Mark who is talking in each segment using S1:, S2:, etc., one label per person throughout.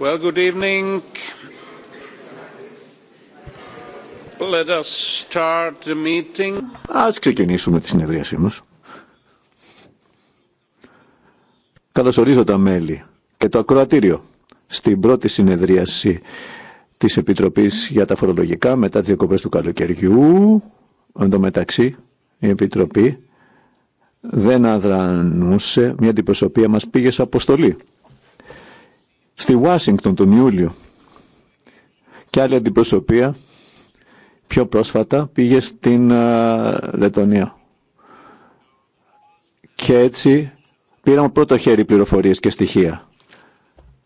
S1: Well, good Ας ξεκινήσουμε τη συνεδρίασή μας. Καλωσορίζω τα μέλη και το ακροατήριο στην πρώτη συνεδρίαση της Επιτροπής για τα Φορολογικά μετά τις διακοπές του καλοκαιριού. Εν τω μεταξύ, η Επιτροπή δεν αδρανούσε, μια αντιπροσωπεία μας πήγε σε αποστολή στη Ουάσιγκτον τον Ιούλιο. Και άλλη αντιπροσωπεία πιο πρόσφατα πήγε στην ε, Λετωνία. Και έτσι πήραμε πρώτο χέρι πληροφορίες και στοιχεία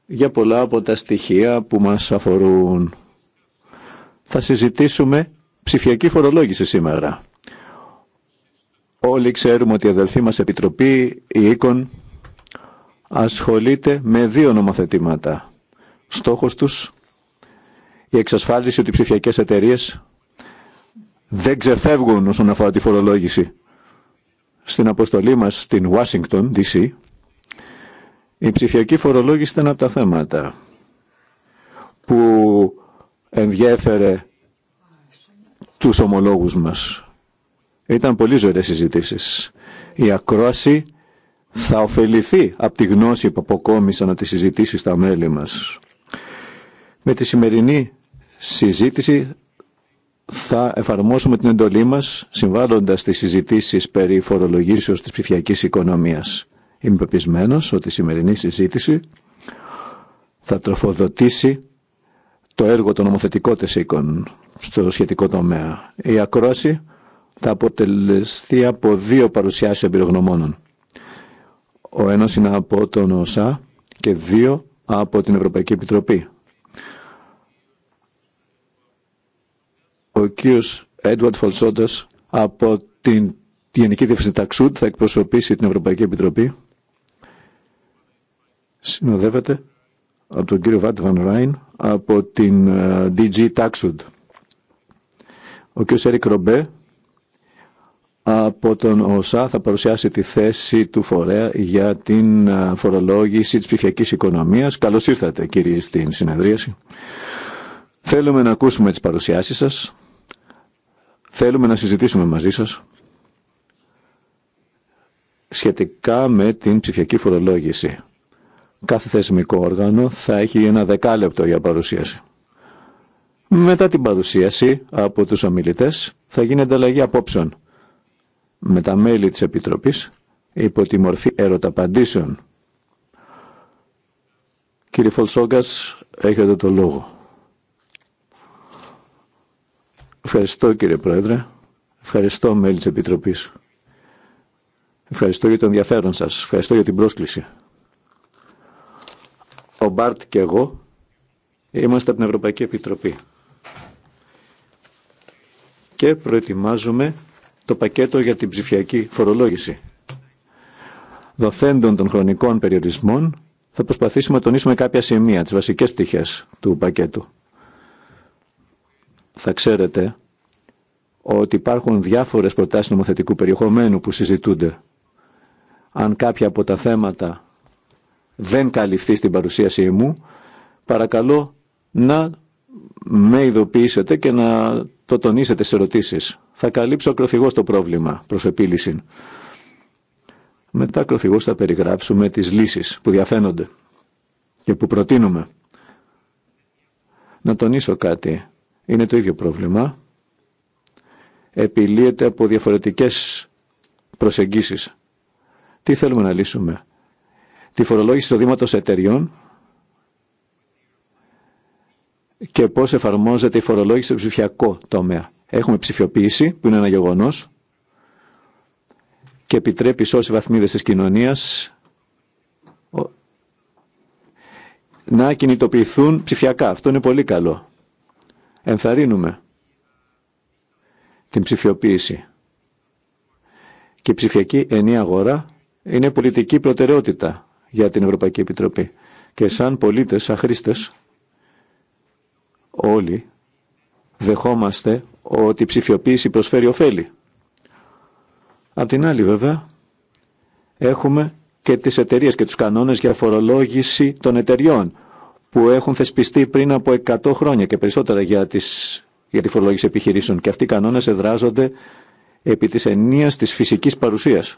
S1: για πολλά από τα στοιχεία που μας αφορούν. Θα συζητήσουμε ψηφιακή φορολόγηση σήμερα. Όλοι ξέρουμε ότι η αδελφή μας Επιτροπή, η ΕΚΟΝ ασχολείται με δύο νομοθετήματα. Στόχος τους η εξασφάλιση ότι οι ψηφιακές εταιρείες δεν ξεφεύγουν όσον αφορά τη φορολόγηση. Στην αποστολή μας στην Washington, D.C., η ψηφιακή φορολόγηση ήταν από τα θέματα που ενδιέφερε τους ομολόγους μας. Ήταν πολύ ζωρές συζητήσεις. Η ακρόαση θα ωφεληθεί από τη γνώση που αποκόμισα να τις συζητήσει στα μέλη μας. Με τη σημερινή συζήτηση θα εφαρμόσουμε την εντολή μας συμβάλλοντας τις συζητήσεις περί φορολογήσεως της ψηφιακής οικονομίας. Είμαι ότι η σημερινή συζήτηση θα τροφοδοτήσει το έργο των νομοθετικών οίκων στο σχετικό τομέα. Η ακρόαση θα αποτελεστεί από δύο παρουσιάσεις εμπειρογνωμόνων. Ο ένας είναι από τον ΟΣΑ και δύο από την Ευρωπαϊκή Επιτροπή. Ο κύριος Έντουαρτ Φολσόντας από την Γενική Διεύθυνση Ταξούτ θα εκπροσωπήσει την Ευρωπαϊκή Επιτροπή. Συνοδεύεται από τον κύριο Βάτ Βαν Ράιν από την DG ε, Taxud. Ο κύριος Έρικ Ρομπέ από τον ΟΣΑ θα παρουσιάσει τη θέση του φορέα για την φορολόγηση της ψηφιακής οικονομίας. Καλώς ήρθατε κύριοι στην συνεδρίαση. Θέλουμε να ακούσουμε τις παρουσιάσεις σας. Θέλουμε να συζητήσουμε μαζί σας σχετικά με την ψηφιακή φορολόγηση. Κάθε θεσμικό όργανο θα έχει ένα δεκάλεπτο για παρουσίαση. Μετά την παρουσίαση από τους ομιλητές θα γίνει ανταλλαγή απόψεων με τα μέλη της Επιτροπής υπό τη μορφή ερωταπαντήσεων. Κύριε Φολσόγκας, έχετε το λόγο. Ευχαριστώ κύριε Πρόεδρε. Ευχαριστώ μέλη της Επιτροπής. Ευχαριστώ για τον ενδιαφέρον σας. Ευχαριστώ για την πρόσκληση. Ο Μπάρτ και εγώ είμαστε από την Ευρωπαϊκή Επιτροπή και προετοιμάζουμε το πακέτο για την ψηφιακή φορολόγηση. Δοθέντων των χρονικών περιορισμών, θα προσπαθήσουμε να τονίσουμε κάποια σημεία, τις βασικές πτυχές του πακέτου. Θα ξέρετε ότι υπάρχουν διάφορες προτάσεις νομοθετικού περιεχομένου που συζητούνται. Αν κάποια από τα θέματα δεν καλυφθεί στην παρουσίασή μου, παρακαλώ να με ειδοποιήσετε και να το τονίσετε σε ερωτήσει. Θα καλύψω ακροθυγό το πρόβλημα προ επίλυση. Μετά ακροθυγό θα περιγράψουμε τις λύσεις που διαφαίνονται και που προτείνουμε. Να τονίσω κάτι. Είναι το ίδιο πρόβλημα. Επιλύεται από διαφορετικές προσεγγίσεις. Τι θέλουμε να λύσουμε. Τη φορολόγηση εισοδήματο εταιριών και πώς εφαρμόζεται η φορολόγηση στο ψηφιακό τομέα. Έχουμε ψηφιοποίηση, που είναι ένα γεγονό και επιτρέπει σε όσοι βαθμίδες τη κοινωνίας να κινητοποιηθούν ψηφιακά. Αυτό είναι πολύ καλό. Ενθαρρύνουμε την ψηφιοποίηση. Και η ψηφιακή ενή αγορά είναι πολιτική προτεραιότητα για την Ευρωπαϊκή Επιτροπή. Και σαν πολίτες, σαν χρήστες, Όλοι δεχόμαστε ότι η ψηφιοποίηση προσφέρει ωφέλη. Απ' την άλλη βέβαια έχουμε και τις εταιρείες και τους κανόνες για φορολόγηση των εταιριών που έχουν θεσπιστεί πριν από 100 χρόνια και περισσότερα για, τις, για τη φορολόγηση επιχειρήσεων και αυτοί οι κανόνες εδράζονται επί της ενίας της φυσικής παρουσίας.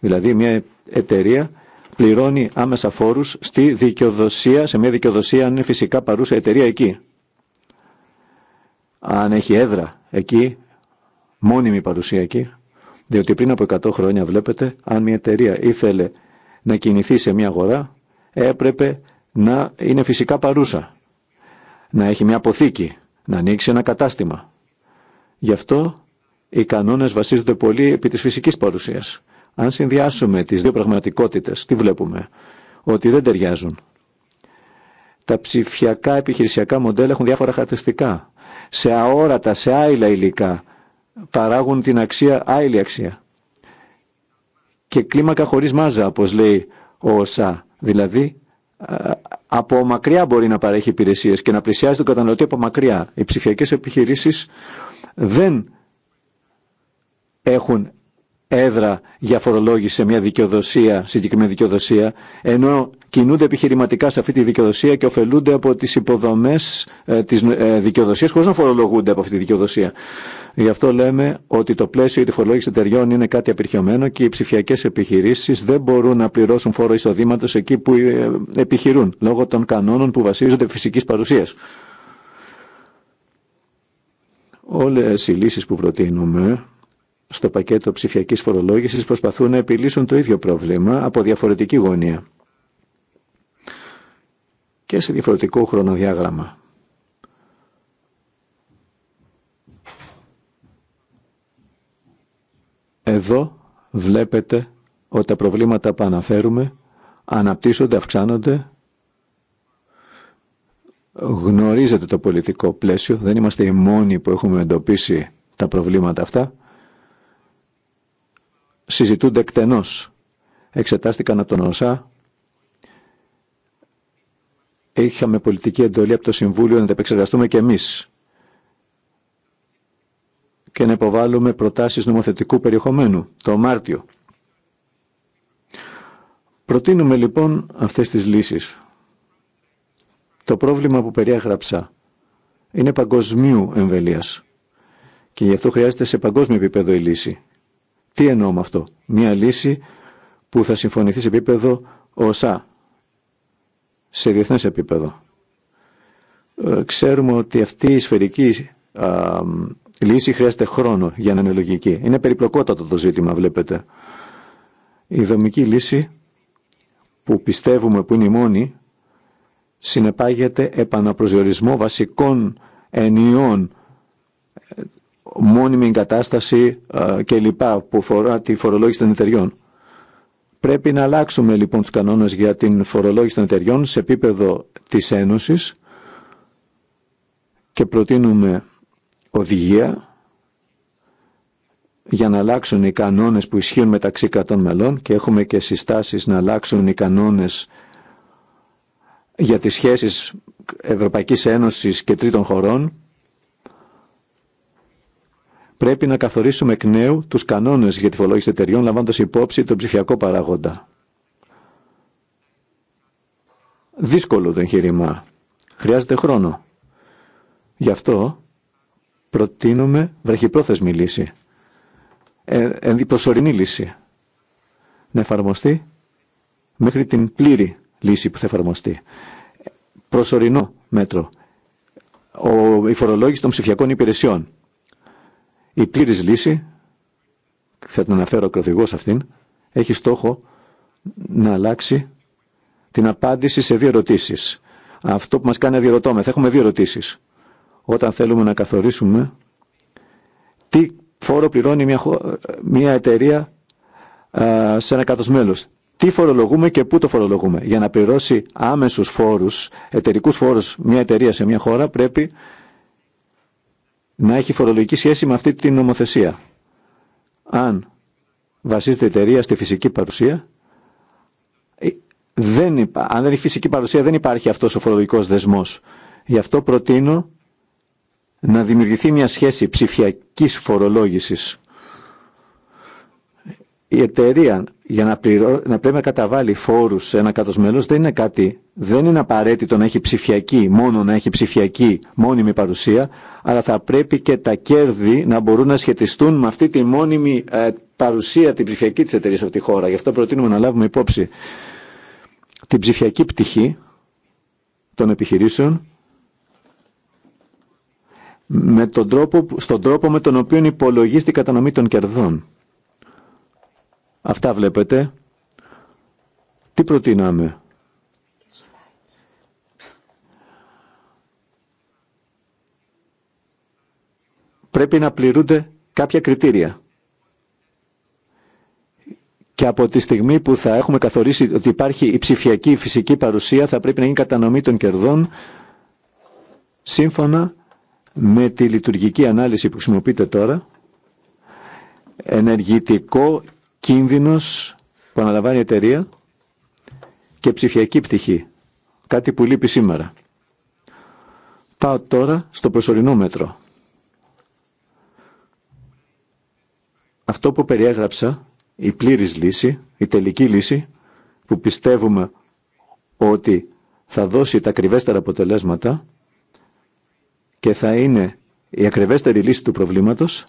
S1: Δηλαδή μια εταιρεία πληρώνει άμεσα φόρους στη δικαιοδοσία, σε μια δικαιοδοσία αν είναι φυσικά παρούσα εταιρεία εκεί αν έχει έδρα εκεί, μόνιμη παρουσία εκεί. Διότι πριν από 100 χρόνια βλέπετε, αν μια εταιρεία ήθελε να κινηθεί σε μια αγορά, έπρεπε να είναι φυσικά παρούσα. Να έχει μια αποθήκη, να ανοίξει ένα κατάστημα. Γι' αυτό οι κανόνες βασίζονται πολύ επί της φυσικής παρουσίας. Αν συνδυάσουμε τις δύο πραγματικότητες, τι βλέπουμε, ότι δεν ταιριάζουν. Τα ψηφιακά επιχειρησιακά μοντέλα έχουν διάφορα χαρακτηριστικά σε αόρατα, σε άειλα υλικά. Παράγουν την αξία, άειλη αξία. Και κλίμακα χωρίς μάζα, όπως λέει ο ΩΣΑ. Δηλαδή, από μακριά μπορεί να παρέχει υπηρεσίες και να πλησιάζει τον καταναλωτή από μακριά. Οι ψηφιακές επιχειρήσεις δεν έχουν έδρα για φορολόγηση σε μια δικαιοδοσία, συγκεκριμένη δικαιοδοσία, ενώ κινούνται επιχειρηματικά σε αυτή τη δικαιοδοσία και ωφελούνται από τις υποδομές ε, της ε, δικαιοδοσία χωρί να φορολογούνται από αυτή τη δικαιοδοσία. Γι' αυτό λέμε ότι το πλαίσιο τη φορολόγηση εταιριών είναι κάτι απερχιωμένο και οι ψηφιακέ επιχειρήσει δεν μπορούν να πληρώσουν φόρο εισοδήματο εκεί που ε, επιχειρούν, λόγω των κανόνων που βασίζονται φυσική παρουσία. Όλε οι λύσει που προτείνουμε στο πακέτο ψηφιακής φορολόγησης προσπαθούν να επιλύσουν το ίδιο πρόβλημα από διαφορετική γωνία και σε διαφορετικό χρονοδιάγραμμα. Εδώ βλέπετε ότι τα προβλήματα που αναφέρουμε αναπτύσσονται, αυξάνονται. Γνωρίζετε το πολιτικό πλαίσιο, δεν είμαστε οι μόνοι που έχουμε εντοπίσει τα προβλήματα αυτά. Συζητούνται εκτενώς. Εξετάστηκαν από τον ΩΣΑ, είχαμε πολιτική εντολή από το Συμβούλιο να τα επεξεργαστούμε και εμείς και να υποβάλουμε προτάσεις νομοθετικού περιεχομένου το Μάρτιο. Προτείνουμε λοιπόν αυτές τις λύσεις. Το πρόβλημα που περιέγραψα είναι παγκοσμίου εμβελίας και γι' αυτό χρειάζεται σε παγκόσμιο επίπεδο η λύση. Τι εννοώ με αυτό. Μια λύση που θα συμφωνηθεί σε επίπεδο ΟΣΑ, σε διεθνές επίπεδο. Ε, ξέρουμε ότι αυτή η σφαιρική α, λύση χρειάζεται χρόνο για να είναι λογική. Είναι περιπλοκότατο το ζήτημα, βλέπετε. Η δομική λύση που πιστεύουμε που είναι η μόνη συνεπάγεται επαναπροσδιορισμό βασικών ενιών ε, μόνιμη εγκατάσταση κλπ. που φορά τη φορολόγηση των εταιριών. Πρέπει να αλλάξουμε λοιπόν τους κανόνες για την φορολόγηση των εταιριών σε επίπεδο της Ένωσης και προτείνουμε οδηγία για να αλλάξουν οι κανόνες που ισχύουν μεταξύ κρατών μελών και έχουμε και συστάσεις να αλλάξουν οι κανόνες για τις σχέσεις Ευρωπαϊκής Ένωσης και τρίτων χωρών Πρέπει να καθορίσουμε εκ νέου του κανόνε για τη φορολόγηση εταιριών, λαμβάνοντα υπόψη τον ψηφιακό παράγοντα. Δύσκολο το εγχείρημα. Χρειάζεται χρόνο. Γι' αυτό προτείνουμε βραχυπρόθεσμη λύση. Ε, προσωρινή λύση. Να εφαρμοστεί μέχρι την πλήρη λύση που θα εφαρμοστεί. Προσωρινό μέτρο. Ο, η φορολόγηση των ψηφιακών υπηρεσιών. Η πλήρης λύση, θα την αναφέρω ακροθυγός αυτήν, έχει στόχο να αλλάξει την απάντηση σε δύο ερωτήσει. Αυτό που μας κάνει να Θα έχουμε δύο ερωτήσει. Όταν θέλουμε να καθορίσουμε τι φόρο πληρώνει μια, μια εταιρεία σε ένα κάτω μέλος. Τι φορολογούμε και πού το φορολογούμε. Για να πληρώσει άμεσους φόρους, εταιρικούς φόρους μια εταιρεία σε μια χώρα πρέπει να έχει φορολογική σχέση με αυτή την νομοθεσία. Αν βασίζεται η εταιρεία στη φυσική παρουσία, ε, δεν, υπά... αν δεν έχει φυσική παρουσία δεν υπάρχει αυτός ο φορολογικός δεσμός. Γι' αυτό προτείνω να δημιουργηθεί μια σχέση ψηφιακής φορολόγησης η εταιρεία για να, να πρέπει να καταβάλει φόρους σε ένα κάτω μέλο δεν είναι κάτι, δεν είναι απαραίτητο να έχει ψηφιακή, μόνο να έχει ψηφιακή μόνιμη παρουσία, αλλά θα πρέπει και τα κέρδη να μπορούν να σχετιστούν με αυτή τη μόνιμη ε, παρουσία, την ψηφιακή της εταιρεία σε αυτή τη χώρα. Γι' αυτό προτείνουμε να λάβουμε υπόψη την ψηφιακή πτυχή των επιχειρήσεων με τον τρόπο, στον τρόπο με τον οποίο υπολογίζει την κατανομή των κερδών. Αυτά βλέπετε. Τι προτείναμε. Πρέπει να πληρούνται κάποια κριτήρια. Και από τη στιγμή που θα έχουμε καθορίσει ότι υπάρχει η ψηφιακή φυσική παρουσία θα πρέπει να γίνει κατανομή των κερδών σύμφωνα με τη λειτουργική ανάλυση που χρησιμοποιείται τώρα ενεργητικό κίνδυνος που αναλαμβάνει η εταιρεία και ψηφιακή πτυχή, κάτι που λείπει σήμερα. Πάω τώρα στο προσωρινό μέτρο. Αυτό που περιέγραψα, η πλήρης λύση, η τελική λύση, που πιστεύουμε ότι θα δώσει τα ακριβέστερα αποτελέσματα και θα είναι η ακριβέστερη λύση του προβλήματος,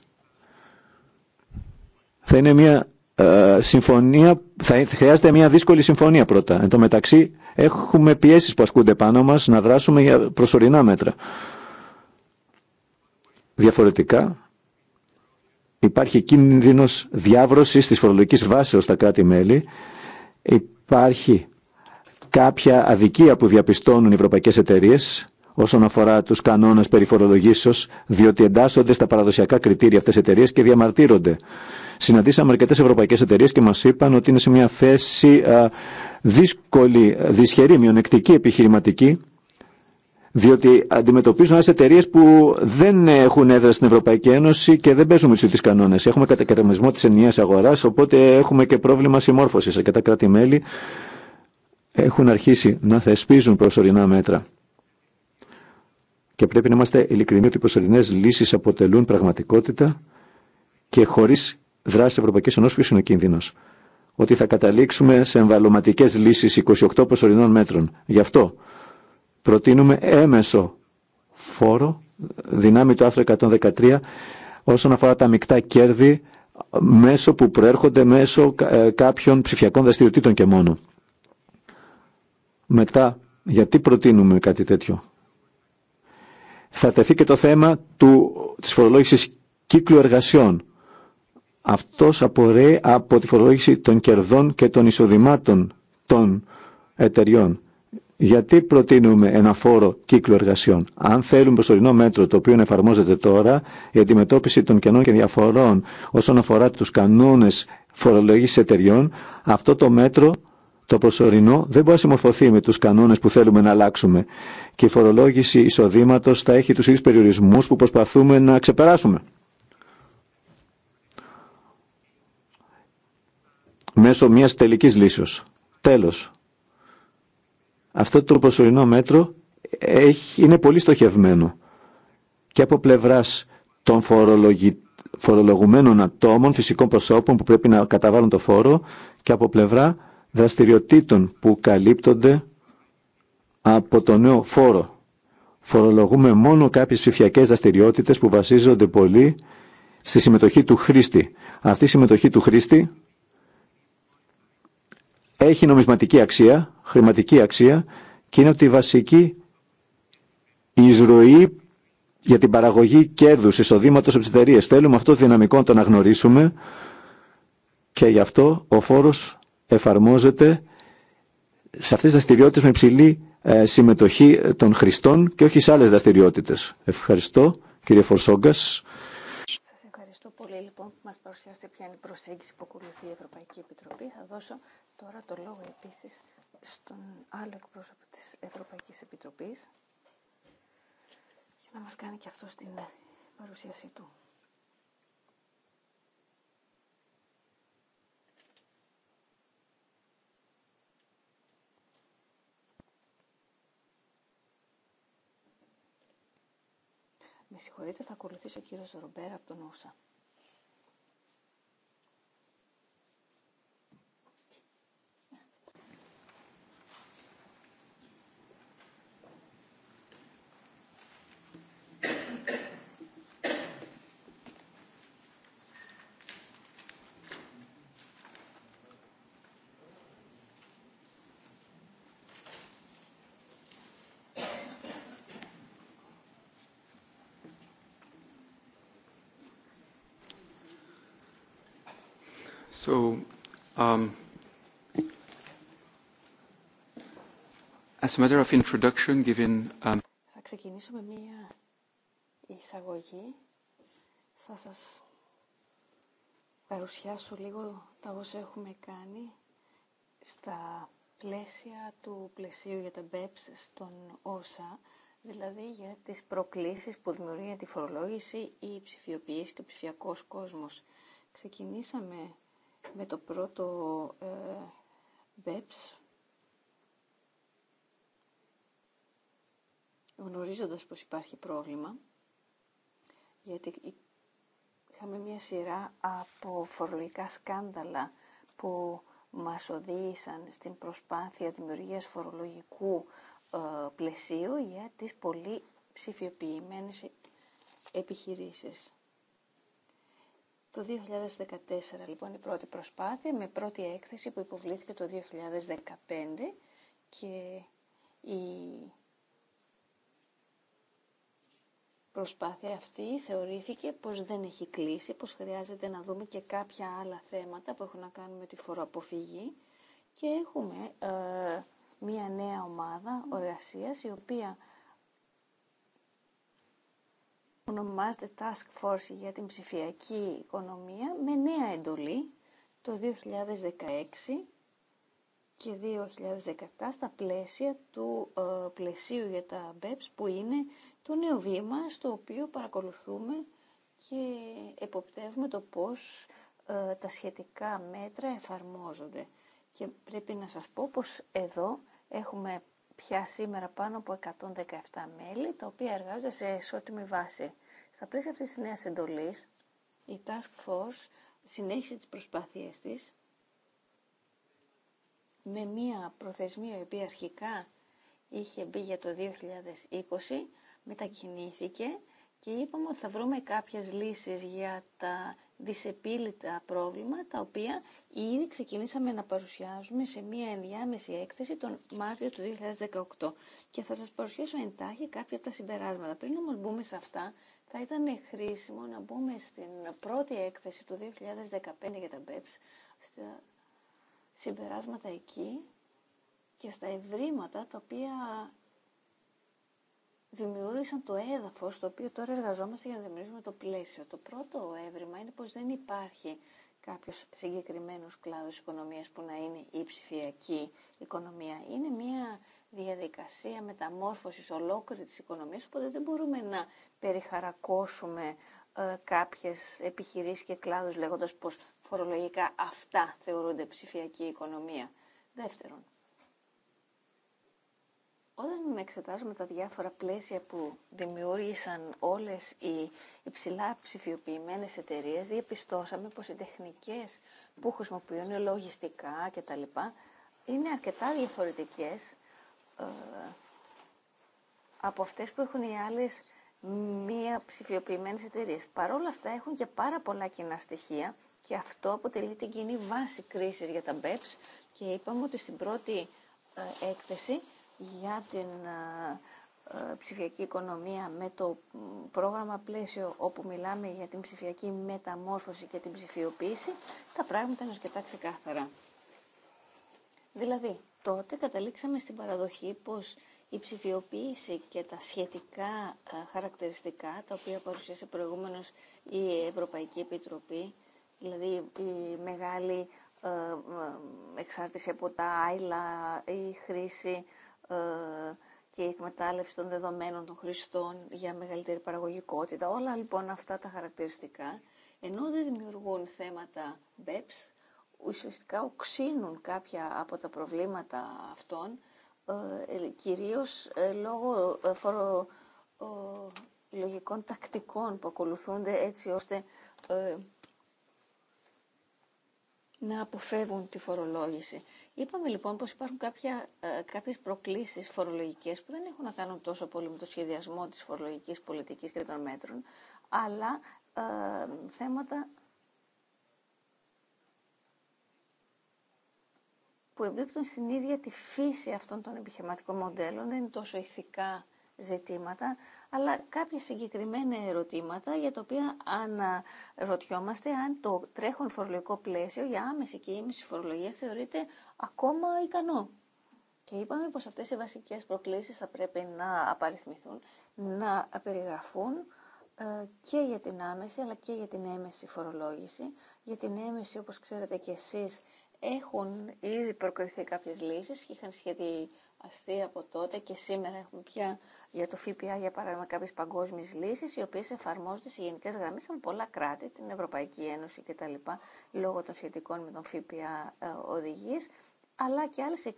S1: θα είναι μια ε, συμφωνία, θα χρειάζεται μια δύσκολη συμφωνία πρώτα. Εν τω μεταξύ έχουμε πιέσεις που ασκούνται πάνω μας να δράσουμε για προσωρινά μέτρα. Διαφορετικά υπάρχει κίνδυνος διάβρωσης της φορολογικής ως στα κράτη-μέλη. Υπάρχει κάποια αδικία που διαπιστώνουν οι ευρωπαϊκές εταιρείε όσον αφορά τους κανόνες περιφορολογήσεως, διότι εντάσσονται στα παραδοσιακά κριτήρια αυτές οι εταιρείες και διαμαρτύρονται Συναντήσαμε αρκετέ ευρωπαϊκέ εταιρείε και μα είπαν ότι είναι σε μια θέση δύσκολη, δυσχερή, μειονεκτική επιχειρηματική, διότι αντιμετωπίζουν άλλε εταιρείε που δεν έχουν έδρα στην Ευρωπαϊκή Ένωση και δεν παίζουν με τι κανόνε. Έχουμε κατακαιρματισμό τη ενιαία αγορά, οπότε έχουμε και πρόβλημα συμμόρφωση. Αρκετά κράτη-μέλη έχουν αρχίσει να θεσπίζουν προσωρινά μέτρα. Και πρέπει να είμαστε ειλικρινοί ότι οι προσωρινέ λύσει αποτελούν πραγματικότητα και χωρί δράση Ευρωπαϊκή Ενώση, ποιο είναι ο κίνδυνο. Ότι θα καταλήξουμε σε εμβαλωματικέ λύσει 28 προσωρινών μέτρων. Γι' αυτό προτείνουμε έμεσο φόρο, δυνάμει του άρθρου 113, όσον αφορά τα μεικτά κέρδη μέσω που προέρχονται μέσω ε, κάποιων ψηφιακών δραστηριοτήτων και μόνο. Μετά, γιατί προτείνουμε κάτι τέτοιο. Θα τεθεί και το θέμα του, της φορολόγησης κύκλου εργασιών αυτός απορρέει από τη φορολόγηση των κερδών και των εισοδημάτων των εταιριών. Γιατί προτείνουμε ένα φόρο κύκλου εργασιών. Αν θέλουμε προσωρινό μέτρο το οποίο εφαρμόζεται τώρα, η αντιμετώπιση των κενών και διαφορών όσον αφορά τους κανόνες φορολογής εταιριών, αυτό το μέτρο το προσωρινό δεν μπορεί να συμμορφωθεί με του κανόνε που θέλουμε να αλλάξουμε. Και η φορολόγηση εισοδήματο θα έχει του ίδιου περιορισμού που προσπαθούμε να ξεπεράσουμε. μέσω μιας τελικής λύσεως. Τέλος, αυτό το προσωρινό μέτρο έχει, είναι πολύ στοχευμένο και από πλευράς των φορολογουμένων ατόμων, φυσικών προσώπων που πρέπει να καταβάλουν το φόρο και από πλευρά δραστηριοτήτων που καλύπτονται από το νέο φόρο. Φορολογούμε μόνο κάποιες ψηφιακέ δραστηριότητες που βασίζονται πολύ στη συμμετοχή του χρήστη. Αυτή η συμμετοχή του χρήστη έχει νομισματική αξία, χρηματική αξία και είναι από τη βασική εισρωή για την παραγωγή κέρδους, εισοδήματο από τις Θέλουμε αυτό το δυναμικό να το αναγνωρίσουμε και γι' αυτό ο φόρος εφαρμόζεται σε αυτές τις δραστηριότητες με υψηλή ε, συμμετοχή των χρηστών και όχι σε άλλες δραστηριότητες. Ευχαριστώ κύριε Φορσόγκας. Σας ευχαριστώ πολύ λοιπόν που μας παρουσιάσετε ποια είναι η
S2: προσέγγιση που ακολουθεί η Ευρωπαϊκή Επιτροπή. Θα δώσω τώρα το λόγο επίσης στον άλλο εκπρόσωπο της Ευρωπαϊκής Επιτροπής για να μας κάνει και αυτό στην ε, παρουσίασή του. Με συγχωρείτε, θα ακολουθήσει ο κύριος Ρομπέρα από τον Όσα. So, um, as of introduction, um, Θα ξεκινήσουμε μία εισαγωγή. Θα σας παρουσιάσω λίγο τα όσα έχουμε κάνει στα πλαίσια του πλαισίου για τα BEPS στον ΩΣΑ, δηλαδή για τις προκλήσεις που δημιουργεί τη φορολόγηση ή η ψηφιοποίηση και ο ψηφιακός κόσμος. Ξεκινήσαμε με το πρώτο ε, BEPS, γνωρίζοντας πως υπάρχει πρόβλημα, γιατί είχαμε μια σειρά από φορολογικά σκάνδαλα που μας οδήγησαν στην προσπάθεια δημιουργίας φορολογικού ε, πλαισίου για τις πολύ ψηφιοποιημένες επιχειρήσεις. Το 2014 λοιπόν η πρώτη προσπάθεια με πρώτη έκθεση που υποβλήθηκε το 2015 και η προσπάθεια αυτή θεωρήθηκε πως δεν έχει κλείσει, πως χρειάζεται να δούμε και κάποια άλλα θέματα που έχουν να κάνουν με τη φοροαποφυγή και έχουμε ε, μία νέα ομάδα οργασίας η οποία ονομάζεται Task Force για την ψηφιακή οικονομία με νέα εντολή το 2016 και 2017 στα πλαίσια του ε, πλαισίου για τα BEPS ε που είναι το νέο βήμα στο οποίο παρακολουθούμε και εποπτεύουμε το πώς ε, τα σχετικά μέτρα εφαρμόζονται. Και πρέπει να σας πω πως εδώ έχουμε πια σήμερα πάνω από 117 μέλη τα οποία εργάζονται σε ισότιμη βάση. Στα πλαίσια αυτής της νέας εντολής, η Task Force συνέχισε τις προσπάθειές της με μία προθεσμία η οποία αρχικά είχε μπει για το 2020, μετακινήθηκε και είπαμε ότι θα βρούμε κάποιες λύσεις για τα δυσεπίλητα πρόβλημα, τα οποία ήδη ξεκινήσαμε να παρουσιάζουμε σε μία ενδιάμεση έκθεση τον Μάρτιο του 2018. Και θα σας παρουσιάσω εντάχει κάποια από τα συμπεράσματα. Πριν όμως μπούμε σε αυτά, θα ήταν χρήσιμο να μπούμε στην πρώτη έκθεση του 2015 για τα BEPS, στα συμπεράσματα εκεί και στα ευρήματα τα οποία δημιούργησαν το έδαφος στο οποίο τώρα εργαζόμαστε για να δημιουργήσουμε το πλαίσιο. Το πρώτο εύρημα είναι πως δεν υπάρχει κάποιος συγκεκριμένος κλάδος οικονομίας που να είναι η ψηφιακή οικονομία. Είναι μια διαδικασία μεταμόρφωσης ολόκληρης της οικονομίας, οπότε δεν μπορούμε να περιχαρακώσουμε ε, κάποιες επιχειρήσεις και κλάδους λέγοντας πως φορολογικά αυτά θεωρούνται ψηφιακή οικονομία. Δεύτερον, όταν εξετάζουμε τα διάφορα πλαίσια που δημιούργησαν όλες οι υψηλά ψηφιοποιημένες εταιρείε, διαπιστώσαμε πως οι τεχνικές που χρησιμοποιούν λογιστικά κτλ. είναι αρκετά διαφορετικές ε, από αυτές που έχουν οι άλλες μία ψηφιοποιημένη εταιρείε. Παρ' όλα αυτά έχουν και πάρα πολλά κοινά στοιχεία και αυτό αποτελεί την κοινή βάση κρίσης για τα BEPS και είπαμε ότι στην πρώτη ε, έκθεση για την ε, ψηφιακή οικονομία με το πρόγραμμα πλαίσιο όπου μιλάμε για την ψηφιακή μεταμόρφωση και την ψηφιοποίηση, τα πράγματα είναι αρκετά ξεκάθαρα. Δηλαδή, τότε καταλήξαμε στην παραδοχή πως η ψηφιοποίηση και τα σχετικά ε, χαρακτηριστικά τα οποία παρουσίασε προηγούμενος η Ευρωπαϊκή Επιτροπή, δηλαδή η μεγάλη ε, ε, εξάρτηση από τα άϊλα, η χρήση και η εκμετάλλευση των δεδομένων των χρηστών για μεγαλύτερη παραγωγικότητα, όλα λοιπόν αυτά τα χαρακτηριστικά, ενώ δεν δημιουργούν θέματα BEPS, ουσιαστικά οξύνουν κάποια από τα προβλήματα αυτών, ε, ε, κυρίως ε, λόγω φορολογικών τακτικών που ακολουθούνται έτσι ώστε να αποφεύγουν τη φορολόγηση. Είπαμε λοιπόν πως υπάρχουν κάποια, κάποιες προκλήσεις φορολογικές που δεν έχουν να κάνουν τόσο πολύ με το σχεδιασμό της φορολογικής πολιτικής και των μέτρων, αλλά θέματα που εμπίπτουν στην ίδια τη φύση αυτών των επιχειρηματικών μοντέλων, δεν είναι τόσο ηθικά ζητήματα, αλλά κάποια συγκεκριμένα ερωτήματα για τα οποία αναρωτιόμαστε αν το τρέχον φορολογικό πλαίσιο για άμεση και ήμιση φορολογία θεωρείται ακόμα ικανό. Και είπαμε πως αυτές οι βασικές προκλήσεις θα πρέπει να απαριθμηθούν, να περιγραφούν ε, και για την άμεση αλλά και για την έμεση φορολόγηση. Για την έμεση όπως ξέρετε και εσείς έχουν ήδη προκριθεί κάποιες λύσεις και είχαν σχεδιαστεί από τότε και σήμερα έχουμε πια για το ΦΠΑ, για παράδειγμα, κάποιες παγκόσμιες λύσεις, οι οποίες εφαρμόζονται σε γενικές γραμμές από πολλά κράτη, την Ευρωπαϊκή Ένωση κτλ, λόγω των σχετικών με τον ΦΠΑ ε, οδηγής... αλλά και άλλες 60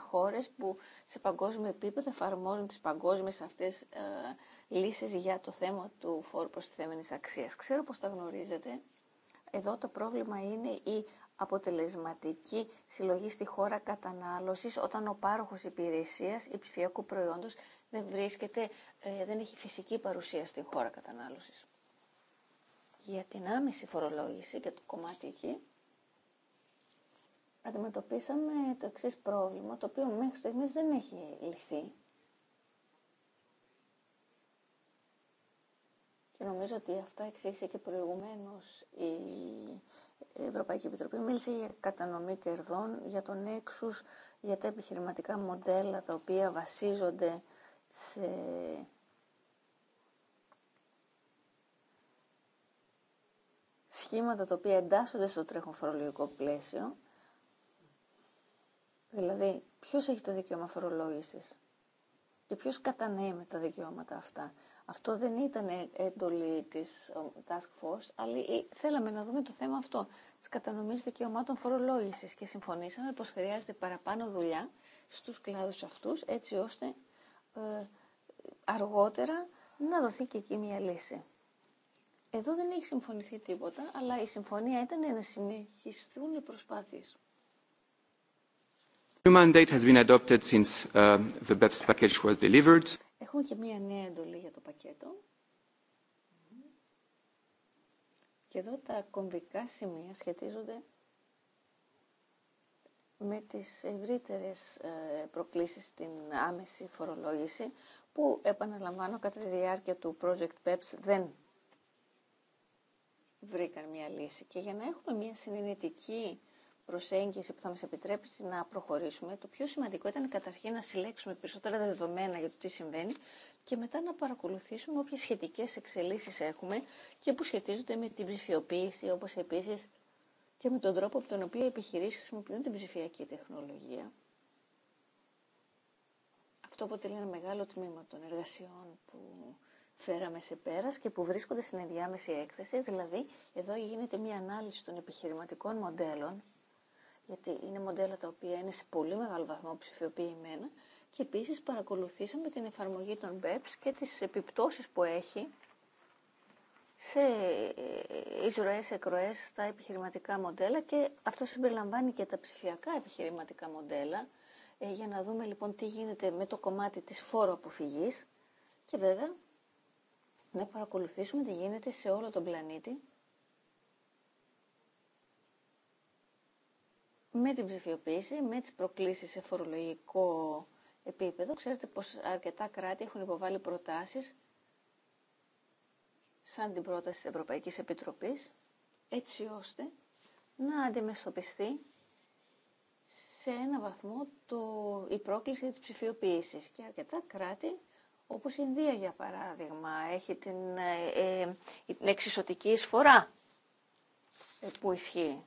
S2: χώρες που σε παγκόσμιο επίπεδο εφαρμόζουν τις παγκόσμιες αυτές ε, λύσεις για το θέμα του φόρου προστιθέμενης αξίας. Ξέρω πως τα γνωρίζετε. Εδώ το πρόβλημα είναι η αποτελεσματική συλλογή στη χώρα κατανάλωσης όταν ο πάροχος υπηρεσίας ή ψηφιακού προϊόντος δεν βρίσκεται, ε, δεν έχει φυσική παρουσία στη χώρα κατανάλωσης. Για την άμεση φορολόγηση και το κομμάτι εκεί, αντιμετωπίσαμε το εξή πρόβλημα, το οποίο μέχρι στιγμής δεν έχει λυθεί. Και νομίζω ότι αυτά εξήγησε και προηγουμένως η η Ευρωπαϊκή Επιτροπή μίλησε για κατανομή κερδών, για τον έξους, για τα επιχειρηματικά μοντέλα τα οποία βασίζονται σε σχήματα τα οποία εντάσσονται στο τρέχον φορολογικό πλαίσιο. Δηλαδή, ποιος έχει το δικαίωμα φορολόγησης και ποιος με τα δικαιώματα αυτά. Αυτό δεν ήταν έντολη της ε, Task Force, αλλά ε, θέλαμε να δούμε το θέμα αυτό τη κατανομής δικαιωμάτων φορολόγησης και συμφωνήσαμε πως χρειάζεται παραπάνω δουλειά στους κλάδους αυτούς, έτσι ώστε ε, αργότερα να δοθεί και εκεί μια λύση. Εδώ δεν έχει συμφωνηθεί τίποτα, αλλά η συμφωνία ήταν να συνεχιστούν οι προσπάθειες. has been adopted since uh, BEPS package was Έχουμε και μία νέα εντολή για το πακέτο. Και εδώ τα κομβικά σημεία σχετίζονται με τις ευρύτερες ε, προκλήσεις στην άμεση φορολόγηση που επαναλαμβάνω κατά τη διάρκεια του Project PEPS δεν βρήκαν μια λύση. Και για να έχουμε μια συνενετική προσέγγιση που θα μας επιτρέψει να προχωρήσουμε. Το πιο σημαντικό ήταν καταρχήν να συλλέξουμε περισσότερα δεδομένα για το τι συμβαίνει και μετά να παρακολουθήσουμε όποιες σχετικές εξελίσει έχουμε και που σχετίζονται με την ψηφιοποίηση, όπως επίσης και με τον τρόπο από τον οποίο οι επιχειρήσεις χρησιμοποιούν την ψηφιακή τεχνολογία. Αυτό αποτελεί ένα μεγάλο τμήμα των εργασιών που φέραμε σε πέρας και που βρίσκονται στην ενδιάμεση έκθεση, δηλαδή εδώ γίνεται μια ανάλυση των επιχειρηματικών μοντέλων γιατί είναι μοντέλα τα οποία είναι σε πολύ μεγάλο βαθμό ψηφιοποιημένα και επίσης παρακολουθήσαμε την εφαρμογή των BEPS και τις επιπτώσεις που έχει σε ε, εισρωές, εκροές, στα επιχειρηματικά μοντέλα και αυτό συμπεριλαμβάνει και τα ψηφιακά επιχειρηματικά μοντέλα ε, για να δούμε λοιπόν τι γίνεται με το κομμάτι της φόρου αποφυγής και βέβαια να παρακολουθήσουμε τι γίνεται σε όλο τον πλανήτη με την ψηφιοποίηση, με τις προκλήσεις σε φορολογικό επίπεδο, ξέρετε πως αρκετά κράτη έχουν υποβάλει προτάσεις σαν την πρόταση της Ευρωπαϊκής Επιτροπής, έτσι ώστε να αντιμετωπιστεί σε ένα βαθμό το, η πρόκληση της ψηφιοποίησης. Και αρκετά κράτη, όπως η Ινδία για παράδειγμα, έχει την, ε, ε, την εξισωτική εισφορά ε, που ισχύει.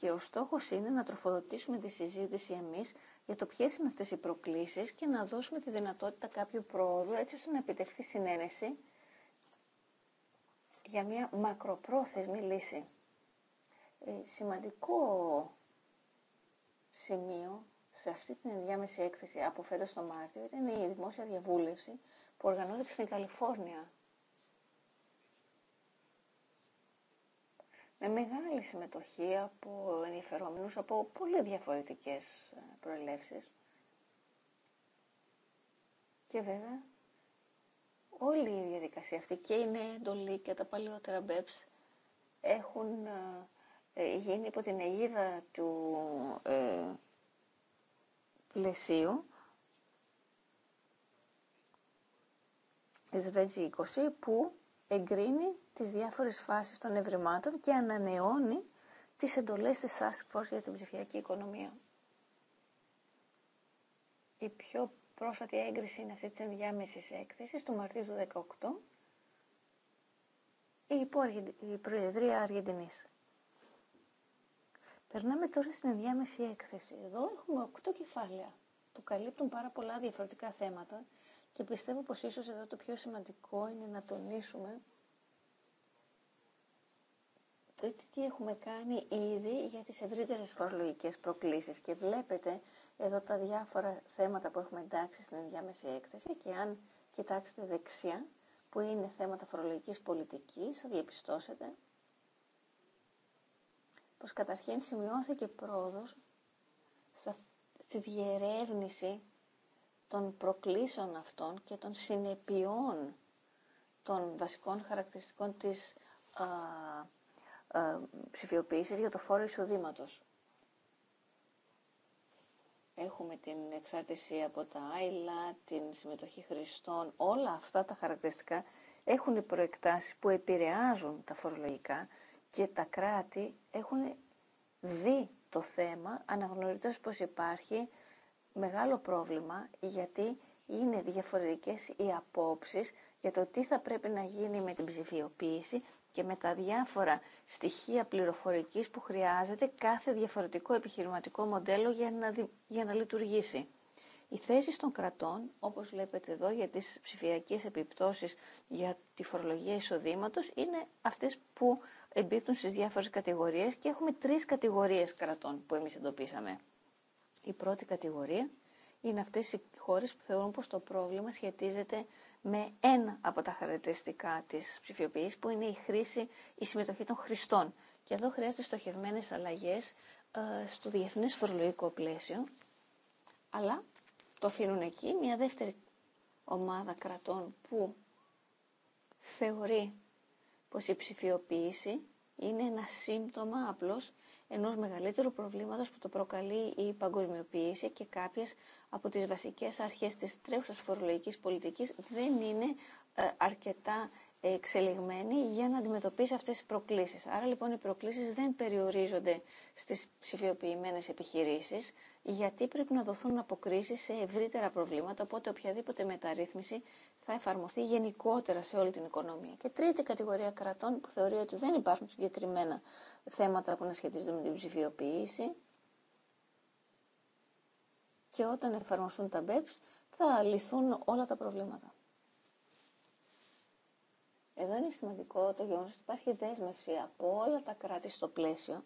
S2: Και ο στόχος είναι να τροφοδοτήσουμε τη συζήτηση εμείς για το ποιες είναι αυτές οι προκλήσεις και να δώσουμε τη δυνατότητα κάποιου πρόοδου έτσι ώστε να επιτευχθεί συνένεση για μια μακροπρόθεσμη λύση. Ε, σημαντικό σημείο σε αυτή την ενδιάμεση έκθεση από φέτος το Μάρτιο ήταν η δημόσια διαβούλευση που οργανώθηκε στην Καλιφόρνια με μεγάλη συμμετοχή από ενδιαφερόμενους από πολύ διαφορετικές ε, προελεύσεις. Και βέβαια, όλη η διαδικασία αυτή και η νέα εντολή και τα παλαιότερα BEPS έχουν ε, ε, γίνει υπό την αιγίδα του ε, πλαισίου SDG20 που εγκρίνει τις διάφορες φάσεις των ευρημάτων και ανανεώνει τις εντολές της Task για την ψηφιακή οικονομία. Η πιο πρόσφατη έγκριση είναι αυτή της ενδιάμεσης έκθεσης του Μαρτίου του 2018 η, η Προεδρία Αργεντινής. Περνάμε τώρα στην ενδιάμεση έκθεση. Εδώ έχουμε οκτώ κεφάλαια που καλύπτουν πάρα πολλά διαφορετικά θέματα και πιστεύω πως ίσως εδώ το πιο σημαντικό είναι να τονίσουμε το τι έχουμε κάνει ήδη για τις ευρύτερες φορολογικές προκλήσεις. Και βλέπετε εδώ τα διάφορα θέματα που έχουμε εντάξει στην ενδιάμεση έκθεση και αν κοιτάξετε δεξιά, που είναι θέματα φορολογικής πολιτικής, θα διαπιστώσετε πως καταρχήν σημειώθηκε πρόοδος στη διερεύνηση των προκλήσεων αυτών και των συνεπειών των βασικών χαρακτηριστικών της α, ψηφιοποίησης για το φόρο εισοδήματος. Έχουμε την εξάρτηση από τα ΆΙΛΑ, την συμμετοχή χρηστών, όλα αυτά τα χαρακτηριστικά έχουν προεκτάσεις που επηρεάζουν τα φορολογικά και τα κράτη έχουν δει το θέμα αναγνωρίζοντας πως υπάρχει μεγάλο πρόβλημα γιατί είναι διαφορετικές οι απόψεις για το τι θα πρέπει να γίνει με την ψηφιοποίηση και με τα διάφορα στοιχεία πληροφορικής που χρειάζεται κάθε διαφορετικό επιχειρηματικό μοντέλο για να, για να λειτουργήσει. Οι θέσει των κρατών, όπως βλέπετε εδώ, για τις ψηφιακές επιπτώσεις για τη φορολογία εισοδήματος, είναι αυτές που εμπίπτουν στις διάφορες κατηγορίες και έχουμε τρεις κατηγορίες κρατών που εμείς εντοπίσαμε. Η πρώτη κατηγορία είναι αυτές οι χώρες που θεωρούν πως το πρόβλημα σχετίζεται με ένα από τα χαρακτηριστικά της ψηφιοποίησης που είναι η χρήση, η συμμετοχή των χρηστών. Και εδώ χρειάζεται στοχευμένες αλλαγές ε, στο διεθνές φορολογικό πλαίσιο, αλλά το αφήνουν εκεί μια δεύτερη ομάδα κρατών που θεωρεί πως η ψηφιοποίηση είναι ένα σύμπτωμα απλώς ενός μεγαλύτερου προβλήματος που το προκαλεί η παγκοσμιοποίηση και κάποιες από τις βασικές αρχές της τρέχουσας φορολογικής πολιτικής δεν είναι ε, αρκετά εξελιγμένη για να αντιμετωπίσει αυτές τις προκλήσεις. Άρα λοιπόν οι προκλήσεις δεν περιορίζονται στις ψηφιοποιημένες επιχειρήσεις, γιατί πρέπει να δοθούν αποκρίσεις σε ευρύτερα προβλήματα, οπότε οποιαδήποτε μεταρρύθμιση θα εφαρμοστεί γενικότερα σε όλη την οικονομία. Και τρίτη κατηγορία κρατών που θεωρεί ότι δεν υπάρχουν συγκεκριμένα θέματα που να σχετίζονται με την ψηφιοποίηση και όταν εφαρμοστούν τα BEPS θα λυθούν όλα τα προβλήματα. Εδώ είναι σημαντικό το γεγονός ότι υπάρχει δέσμευση από όλα τα κράτη στο πλαίσιο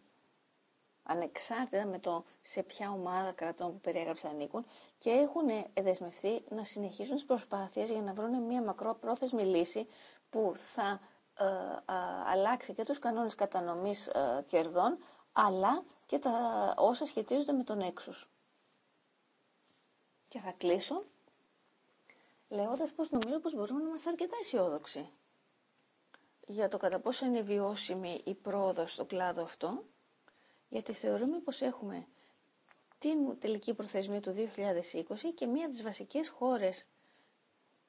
S2: ανεξάρτητα με το σε ποια ομάδα κρατών που περιέγραψαν ανήκουν και έχουν δεσμευτεί να συνεχίσουν τις προσπάθειες για να βρουν μια μακρόπρόθεσμη λύση που θα ε, αλλάξει και τους κανόνες κατανομής ε, κερδών αλλά και τα όσα σχετίζονται με τον έξους. Και θα κλείσω λέγοντας πως νομίζω πως μπορούμε να είμαστε αρκετά αισιόδοξοι για το κατά πόσο είναι βιώσιμη η πρόοδος στο κλάδο αυτό γιατί θεωρούμε πως έχουμε την τελική προθεσμία του 2020 και μία από τις βασικές χώρες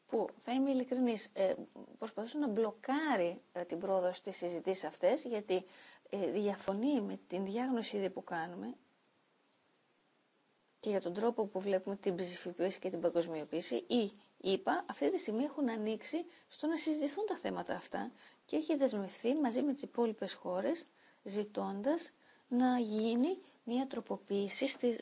S2: που, θα είμαι ειλικρινής, ε, προσπαθούσε να μπλοκάρει ε, την πρόοδο στις συζητήσεις αυτές, γιατί ε, διαφωνεί με την διάγνωση ήδη που κάνουμε και για τον τρόπο που βλέπουμε την ψηφιοποίηση και την παγκοσμιοποίηση, ή είπα, αυτή τη στιγμή έχουν ανοίξει στο να συζητηθούν τα θέματα αυτά και έχει δεσμευθεί μαζί με τις υπόλοιπε χώρες, ζητώντας να γίνει μια τροποποίηση στη,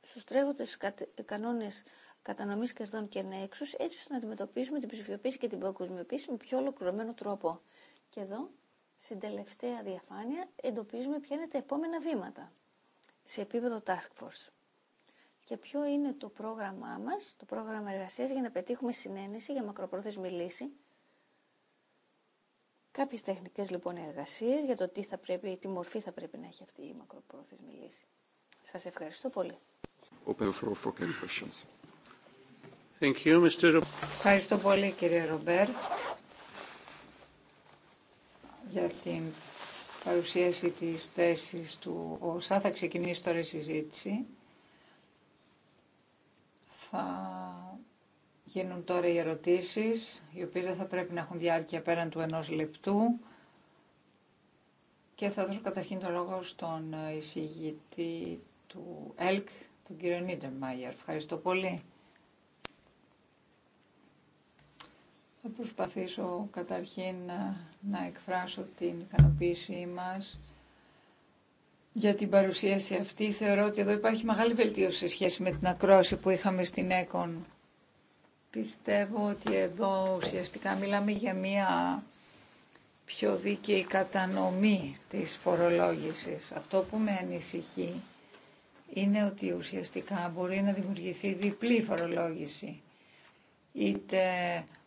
S2: στους τρέχοντες κατε, κανόνες κατανομής κερδών και ενέξους, έτσι ώστε να αντιμετωπίσουμε την ψηφιοποίηση και την παγκοσμιοποίηση με πιο ολοκληρωμένο τρόπο. Και εδώ, στην τελευταία διαφάνεια, εντοπίζουμε ποια είναι τα επόμενα βήματα σε επίπεδο task force. Και ποιο είναι το πρόγραμμά μας, το πρόγραμμα εργασίας για να πετύχουμε συνένεση για μακροπρόθεσμη λύση, Κάποιες τεχνικές λοιπόν εργασίες για το τι, θα πρέπει, τι μορφή θα πρέπει να έχει αυτή η μακροπρόθεσμη λύση. Σας ευχαριστώ πολύ.
S1: for questions. Thank you, Mr.
S3: Ευχαριστώ πολύ κύριε Ρομπέρ για την παρουσίαση της θέσης του ΩΣΑ. Θα ξεκινήσει τώρα η συζήτηση. Θα γίνουν τώρα οι ερωτήσεις, οι οποίες δεν θα πρέπει να έχουν διάρκεια πέραν του ενός λεπτού. Και θα δώσω καταρχήν το λόγο στον εισηγητή του ΕΛΚ, τον κύριο Ευχαριστώ πολύ. Θα προσπαθήσω καταρχήν να εκφράσω την ικανοποίησή μας για την παρουσίαση αυτή. Θεωρώ ότι εδώ υπάρχει μεγάλη βελτίωση σε σχέση με την ακρόαση που είχαμε στην ΕΚΟΝ Πιστεύω ότι εδώ ουσιαστικά μιλάμε για μία πιο δίκαιη κατανομή της φορολόγησης. Αυτό που με ανησυχεί είναι ότι ουσιαστικά μπορεί να δημιουργηθεί διπλή φορολόγηση. Είτε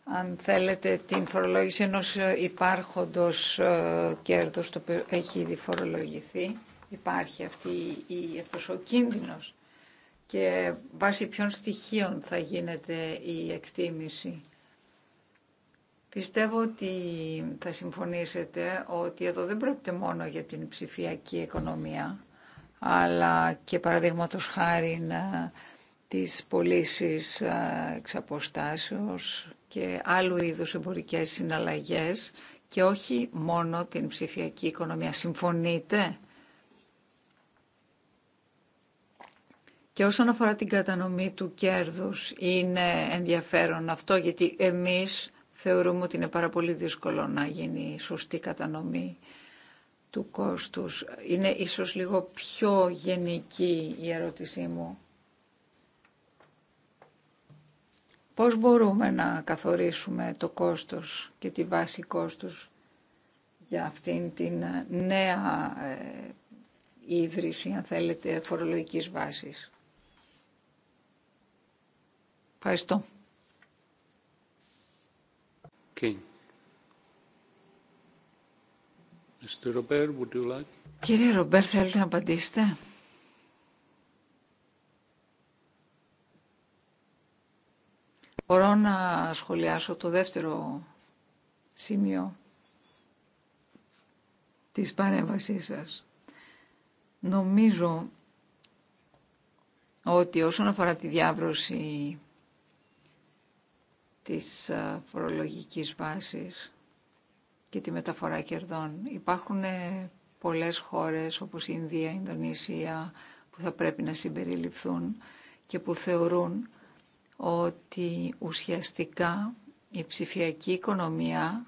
S3: αν θέλετε την φορολόγηση ενός υπάρχοντος ε, κέρδος το οποίο έχει ήδη φορολογηθεί, υπάρχει αυτή η, αυτός ο κίνδυνος και βάσει ποιων στοιχείων θα γίνεται η εκτίμηση. Πιστεύω ότι θα συμφωνήσετε ότι εδώ δεν πρόκειται μόνο για την ψηφιακή οικονομία, αλλά και παραδείγματος χάρη ε, τις πωλήσει ε, εξ και άλλου είδους εμπορικές συναλλαγές και όχι μόνο την ψηφιακή οικονομία. Συμφωνείτε? Και όσον αφορά την κατανομή του κέρδους είναι ενδιαφέρον αυτό γιατί εμείς θεωρούμε ότι είναι πάρα πολύ δύσκολο να γίνει σωστή κατανομή του κόστους. Είναι ίσως λίγο πιο γενική η ερώτησή μου. Πώς μπορούμε να καθορίσουμε το κόστος και τη βάση κόστους για αυτήν την ε, νέα ε, ίδρυση, αν θέλετε, φορολογικής βάσης. Ευχαριστώ. Κύριε Ρομπέρ, θέλετε να απαντήσετε. Μπορώ να σχολιάσω το δεύτερο σημείο της παρέμβασής σας. Νομίζω ότι όσον αφορά τη διάβρωση της ε, φορολογικής βάσης και τη μεταφορά κερδών. Υπάρχουν ε, πολλές χώρες όπως η Ινδία, η Ινδονησία που θα πρέπει να συμπεριληφθούν και που θεωρούν ότι ουσιαστικά η ψηφιακή οικονομία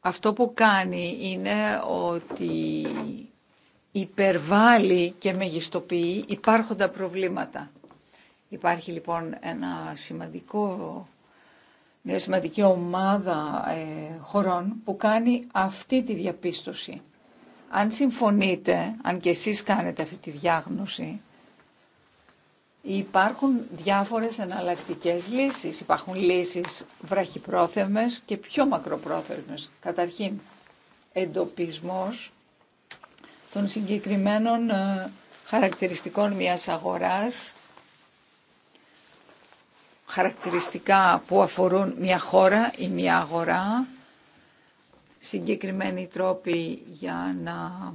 S3: αυτό που κάνει είναι ότι υπερβάλλει και μεγιστοποιεί υπάρχοντα προβλήματα. Υπάρχει λοιπόν ένα σημαντικό, μια σημαντική ομάδα ε, χωρών που κάνει αυτή τη διαπίστωση. Αν συμφωνείτε, αν και εσείς κάνετε αυτή τη διάγνωση, υπάρχουν διάφορες εναλλακτικές λύσεις. Υπάρχουν λύσεις βραχυπρόθεσμες και πιο μακροπρόθεσμες. Καταρχήν, εντοπισμός των συγκεκριμένων ε, χαρακτηριστικών μιας αγοράς, χαρακτηριστικά που αφορούν μια χώρα ή μια αγορά, συγκεκριμένοι τρόποι για να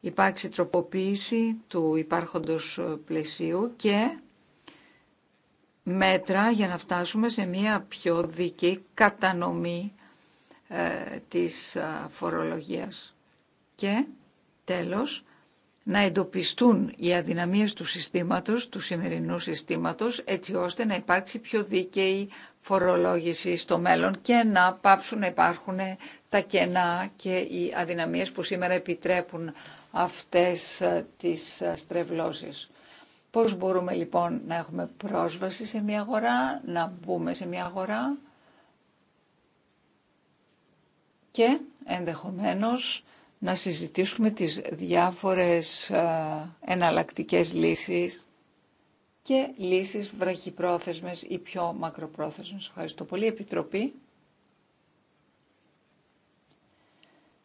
S3: υπάρξει τροποποίηση του υπάρχοντος πλαισίου και μέτρα για να φτάσουμε σε μια πιο δική κατανομή ε, της ε, φορολογίας και τέλος να εντοπιστούν οι αδυναμίες του συστήματος, του σημερινού συστήματος, έτσι ώστε να υπάρξει πιο δίκαιη φορολόγηση στο μέλλον και να πάψουν να υπάρχουν τα κενά και οι αδυναμίες που σήμερα επιτρέπουν αυτές ε, τις ε, στρεβλώσεις. Πώς μπορούμε λοιπόν να έχουμε πρόσβαση σε μια αγορά, να μπούμε σε μια αγορά και ενδεχομένως να συζητήσουμε τις διάφορες ε, εναλλακτικές λύσεις και λύσεις βραχυπρόθεσμες ή πιο μακροπρόθεσμες. Ευχαριστώ πολύ, Επιτροπή.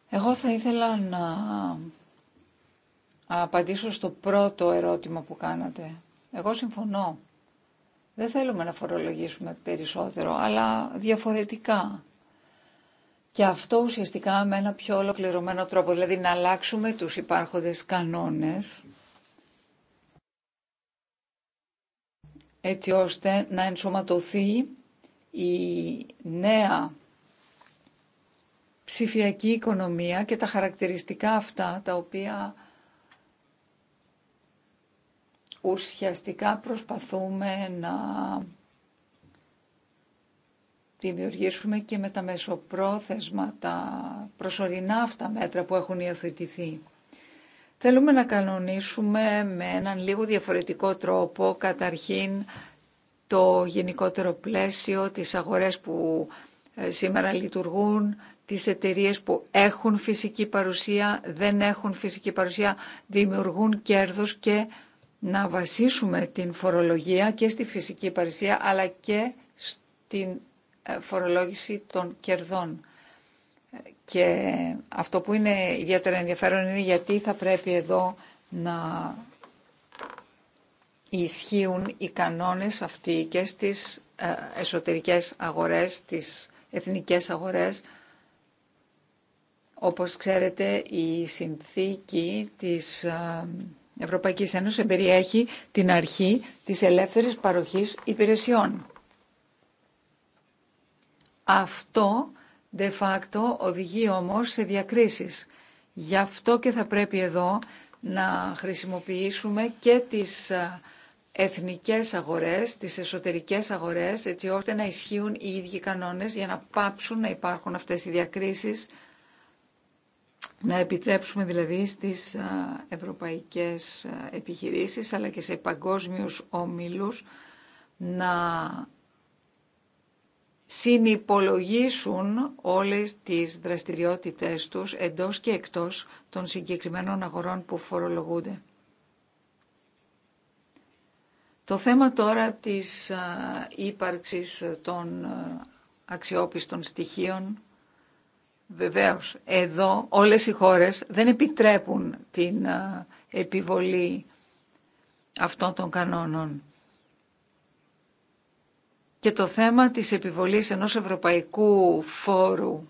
S3: Εγώ θα ήθελα να απαντήσω στο πρώτο ερώτημα που κάνατε. Εγώ συμφωνώ. Δεν θέλουμε να φορολογήσουμε περισσότερο, αλλά διαφορετικά και αυτό ουσιαστικά με ένα πιο ολοκληρωμένο τρόπο, δηλαδή να αλλάξουμε τους υπάρχοντες κανόνες έτσι ώστε να ενσωματωθεί η νέα ψηφιακή οικονομία και τα χαρακτηριστικά αυτά τα οποία ουσιαστικά προσπαθούμε να δημιουργήσουμε και με τα μεσοπρόθεσμα, τα προσωρινά αυτά μέτρα που έχουν υιοθετηθεί. Θέλουμε να κανονίσουμε με έναν λίγο διαφορετικό τρόπο καταρχήν το γενικότερο πλαίσιο, τις αγορές που ε, σήμερα λειτουργούν, τις εταιρείες που έχουν φυσική παρουσία, δεν έχουν φυσική παρουσία, δημιουργούν κέρδος και να βασίσουμε την φορολογία και στη φυσική παρουσία αλλά και στην ε, φορολόγηση των κερδών. Ε, και αυτό που είναι ιδιαίτερα ενδιαφέρον είναι γιατί θα πρέπει εδώ να ισχύουν οι κανόνες αυτοί και στις ε, εσωτερικές αγορές, στις εθνικές αγορές. Όπως ξέρετε, η συνθήκη της Ευρωπαϊκής Ένωσης περιέχει την αρχή της ελεύθερης παροχής υπηρεσιών. Αυτό, de facto, οδηγεί όμως σε διακρίσεις. Γι' αυτό και θα πρέπει εδώ να χρησιμοποιήσουμε και τις ε, εθνικές αγορές, τις εσωτερικές αγορές, έτσι ώστε να ισχύουν οι ίδιοι κανόνες για να πάψουν να υπάρχουν αυτές οι διακρίσεις, να επιτρέψουμε δηλαδή στις ε, ευρωπαϊκές ε, επιχειρήσεις αλλά και σε παγκόσμιους ομίλους να συνυπολογίσουν όλες τις δραστηριότητες τους εντός και εκτός των συγκεκριμένων αγορών που φορολογούνται. Το θέμα τώρα της ύπαρξης των αξιόπιστων στοιχείων, βεβαίως εδώ όλες οι χώρες δεν επιτρέπουν την επιβολή αυτών των κανόνων και το θέμα της επιβολής ενός ευρωπαϊκού φόρου,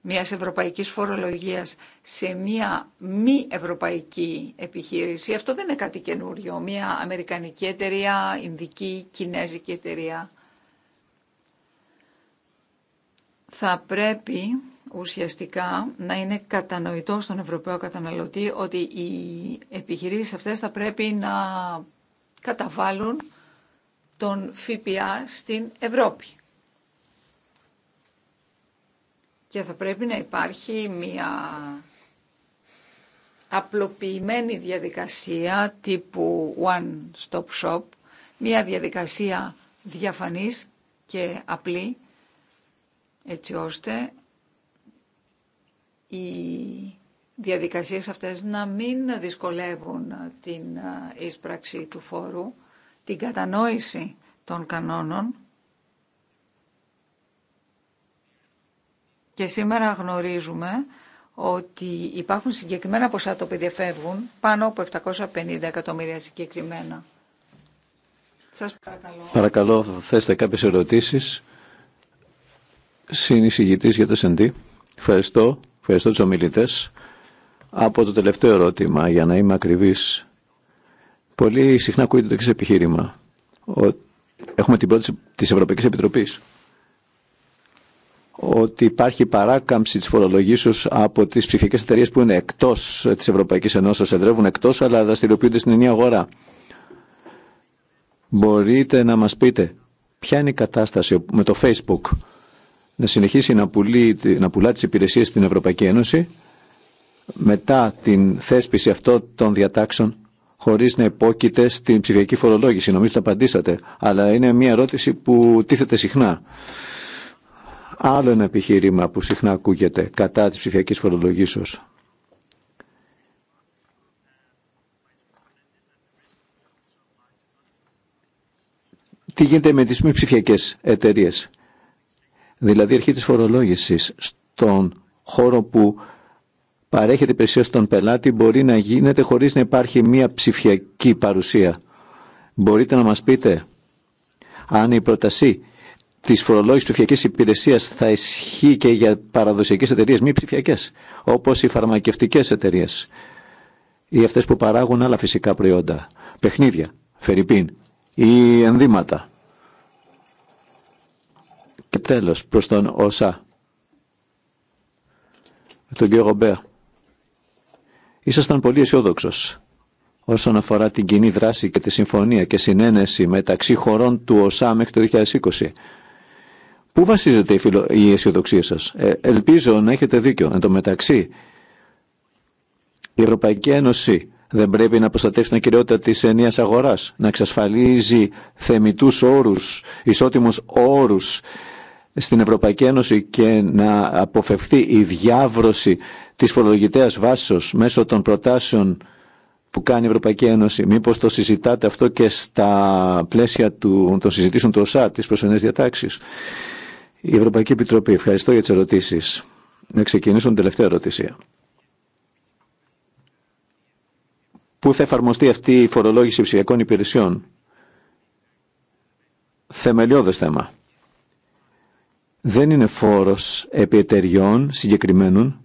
S3: μιας ευρωπαϊκής φορολογίας σε μια μη ευρωπαϊκή επιχείρηση, αυτό δεν είναι κάτι καινούριο. Μια αμερικανική εταιρεία, ινδική, κινέζικη εταιρεία. Θα πρέπει ουσιαστικά να είναι κατανοητό στον Ευρωπαίο καταναλωτή ότι οι επιχειρήσεις αυτές θα πρέπει να καταβάλουν των ΦΠΑ στην Ευρώπη. Και θα πρέπει να υπάρχει μια απλοποιημένη διαδικασία τύπου one-stop shop, μια διαδικασία διαφανής και απλή, έτσι ώστε οι διαδικασίες αυτές να μην δυσκολεύουν την ε, εισπράξη του φόρου την κατανόηση των κανόνων και σήμερα γνωρίζουμε ότι υπάρχουν συγκεκριμένα ποσά τα οποία διαφεύγουν πάνω από 750 εκατομμύρια συγκεκριμένα. Σας παρακαλώ.
S1: Παρακαλώ, θέστε κάποιες ερωτήσεις. Συνεισηγητής για το S&D. Ευχαριστώ. Ευχαριστώ τους ομιλητές. Από το τελευταίο ερώτημα, για να είμαι ακριβής, Πολύ συχνά ακούγεται το εξή επιχείρημα. Έχουμε την πρόταση τη Ευρωπαϊκή Επιτροπή. ότι υπάρχει παράκαμψη της φορολογήσεως από τι ψηφιακέ εταιρείε που είναι εκτό τη Ευρωπαϊκή Ενώσης, εδρεύουν εκτό, αλλά δραστηριοποιούνται στην ενία αγορά. Μπορείτε να μα πείτε ποια είναι η κατάσταση με το Facebook να συνεχίσει να, πουλεί, να πουλά τι υπηρεσίε στην Ευρωπαϊκή Ένωση μετά την θέσπιση αυτών των διατάξεων χωρίς να υπόκειται στην ψηφιακή φορολόγηση. Νομίζω το απαντήσατε, αλλά είναι μια ερώτηση που τίθεται συχνά. Άλλο ένα επιχείρημα που συχνά ακούγεται κατά της ψηφιακής φορολογήσεως. Τι γίνεται με τις μη ψηφιακές εταιρείες. Δηλαδή η αρχή της φορολόγησης στον χώρο που παρέχεται υπηρεσία στον πελάτη μπορεί να γίνεται χωρίς να υπάρχει μία ψηφιακή παρουσία. Μπορείτε να μας πείτε αν η προτασή της φορολόγησης ψηφιακής υπηρεσίας θα ισχύει και για παραδοσιακές εταιρείες μη ψηφιακές, όπως οι φαρμακευτικές εταιρείες ή αυτές που παράγουν άλλα φυσικά προϊόντα, παιχνίδια, φερρυπίν ή ενδύματα. Και τέλος προς τον ΩΣΑ, τον κύριο Γομπέα. Ήσασταν πολύ αισιόδοξο όσον αφορά την κοινή δράση και τη συμφωνία και συνένεση μεταξύ χωρών του ΟΣΑ μέχρι το 2020. Πού βασίζεται η αισιοδοξία σας. Ε, ελπίζω να έχετε δίκιο. Εν τω μεταξύ, η Ευρωπαϊκή Ένωση δεν πρέπει να προστατεύσει την κυριότητα τη ενίας αγοράς, να εξασφαλίζει θεμητού όρου, ισότιμού όρου στην Ευρωπαϊκή Ένωση και να αποφευθεί η διάβρωση της φορολογητέας βάσεως μέσω των προτάσεων που κάνει η Ευρωπαϊκή Ένωση. Μήπως το συζητάτε αυτό και στα πλαίσια του, των συζητήσεων του ΟΣΑ, της προσωρινής διατάξης. Η Ευρωπαϊκή Επιτροπή, ευχαριστώ για τις ερωτήσεις. Να ξεκινήσω την τελευταία ερώτηση. Πού θα εφαρμοστεί αυτή η φορολόγηση ψηφιακών υπηρεσιών. Θεμελιώδες θέμα δεν είναι φόρος επί εταιριών συγκεκριμένων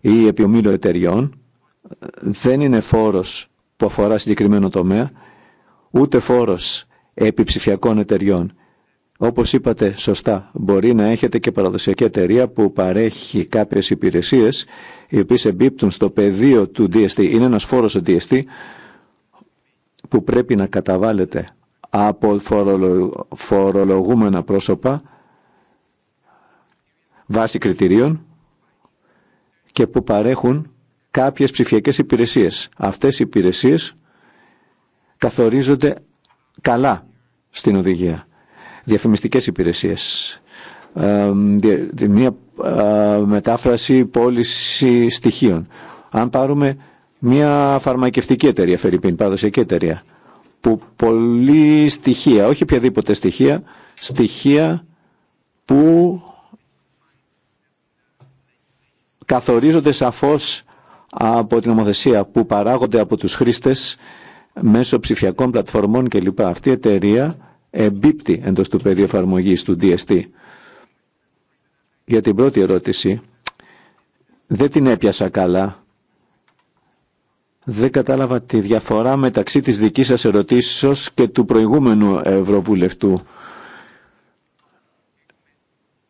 S1: ή επί ομίλου εταιριών, δεν είναι φόρος που αφορά συγκεκριμένο τομέα, ούτε φόρος επί ψηφιακών εταιριών. Όπως είπατε σωστά, μπορεί να έχετε και παραδοσιακή εταιρεία που παρέχει κάποιες υπηρεσίες οι οποίες εμπίπτουν στο πεδίο του DST. Είναι ένας φόρος ο DST που πρέπει να καταβάλλεται από φορολογούμενα πρόσωπα βάση κριτηρίων και που παρέχουν κάποιες ψηφιακές υπηρεσίες. Αυτές οι υπηρεσίες καθορίζονται καλά στην οδηγία. Διαφημιστικές υπηρεσίες, μια μετάφραση πώληση στοιχείων. Αν πάρουμε μια φαρμακευτική εταιρεία, Φερρυπίν, παραδοσιακή εταιρεία, που πολλή στοιχεία, όχι οποιαδήποτε στοιχεία, στοιχεία που καθορίζονται σαφώς από την ομοθεσία που παράγονται από τους χρήστες μέσω ψηφιακών πλατφορμών κλπ. Αυτή η εταιρεία εμπίπτει εντός του πεδίου εφαρμογή του DST. Για την πρώτη ερώτηση, δεν την έπιασα καλά. Δεν κατάλαβα τη διαφορά μεταξύ της δικής σας ερωτήσεως και του προηγούμενου Ευρωβουλευτού.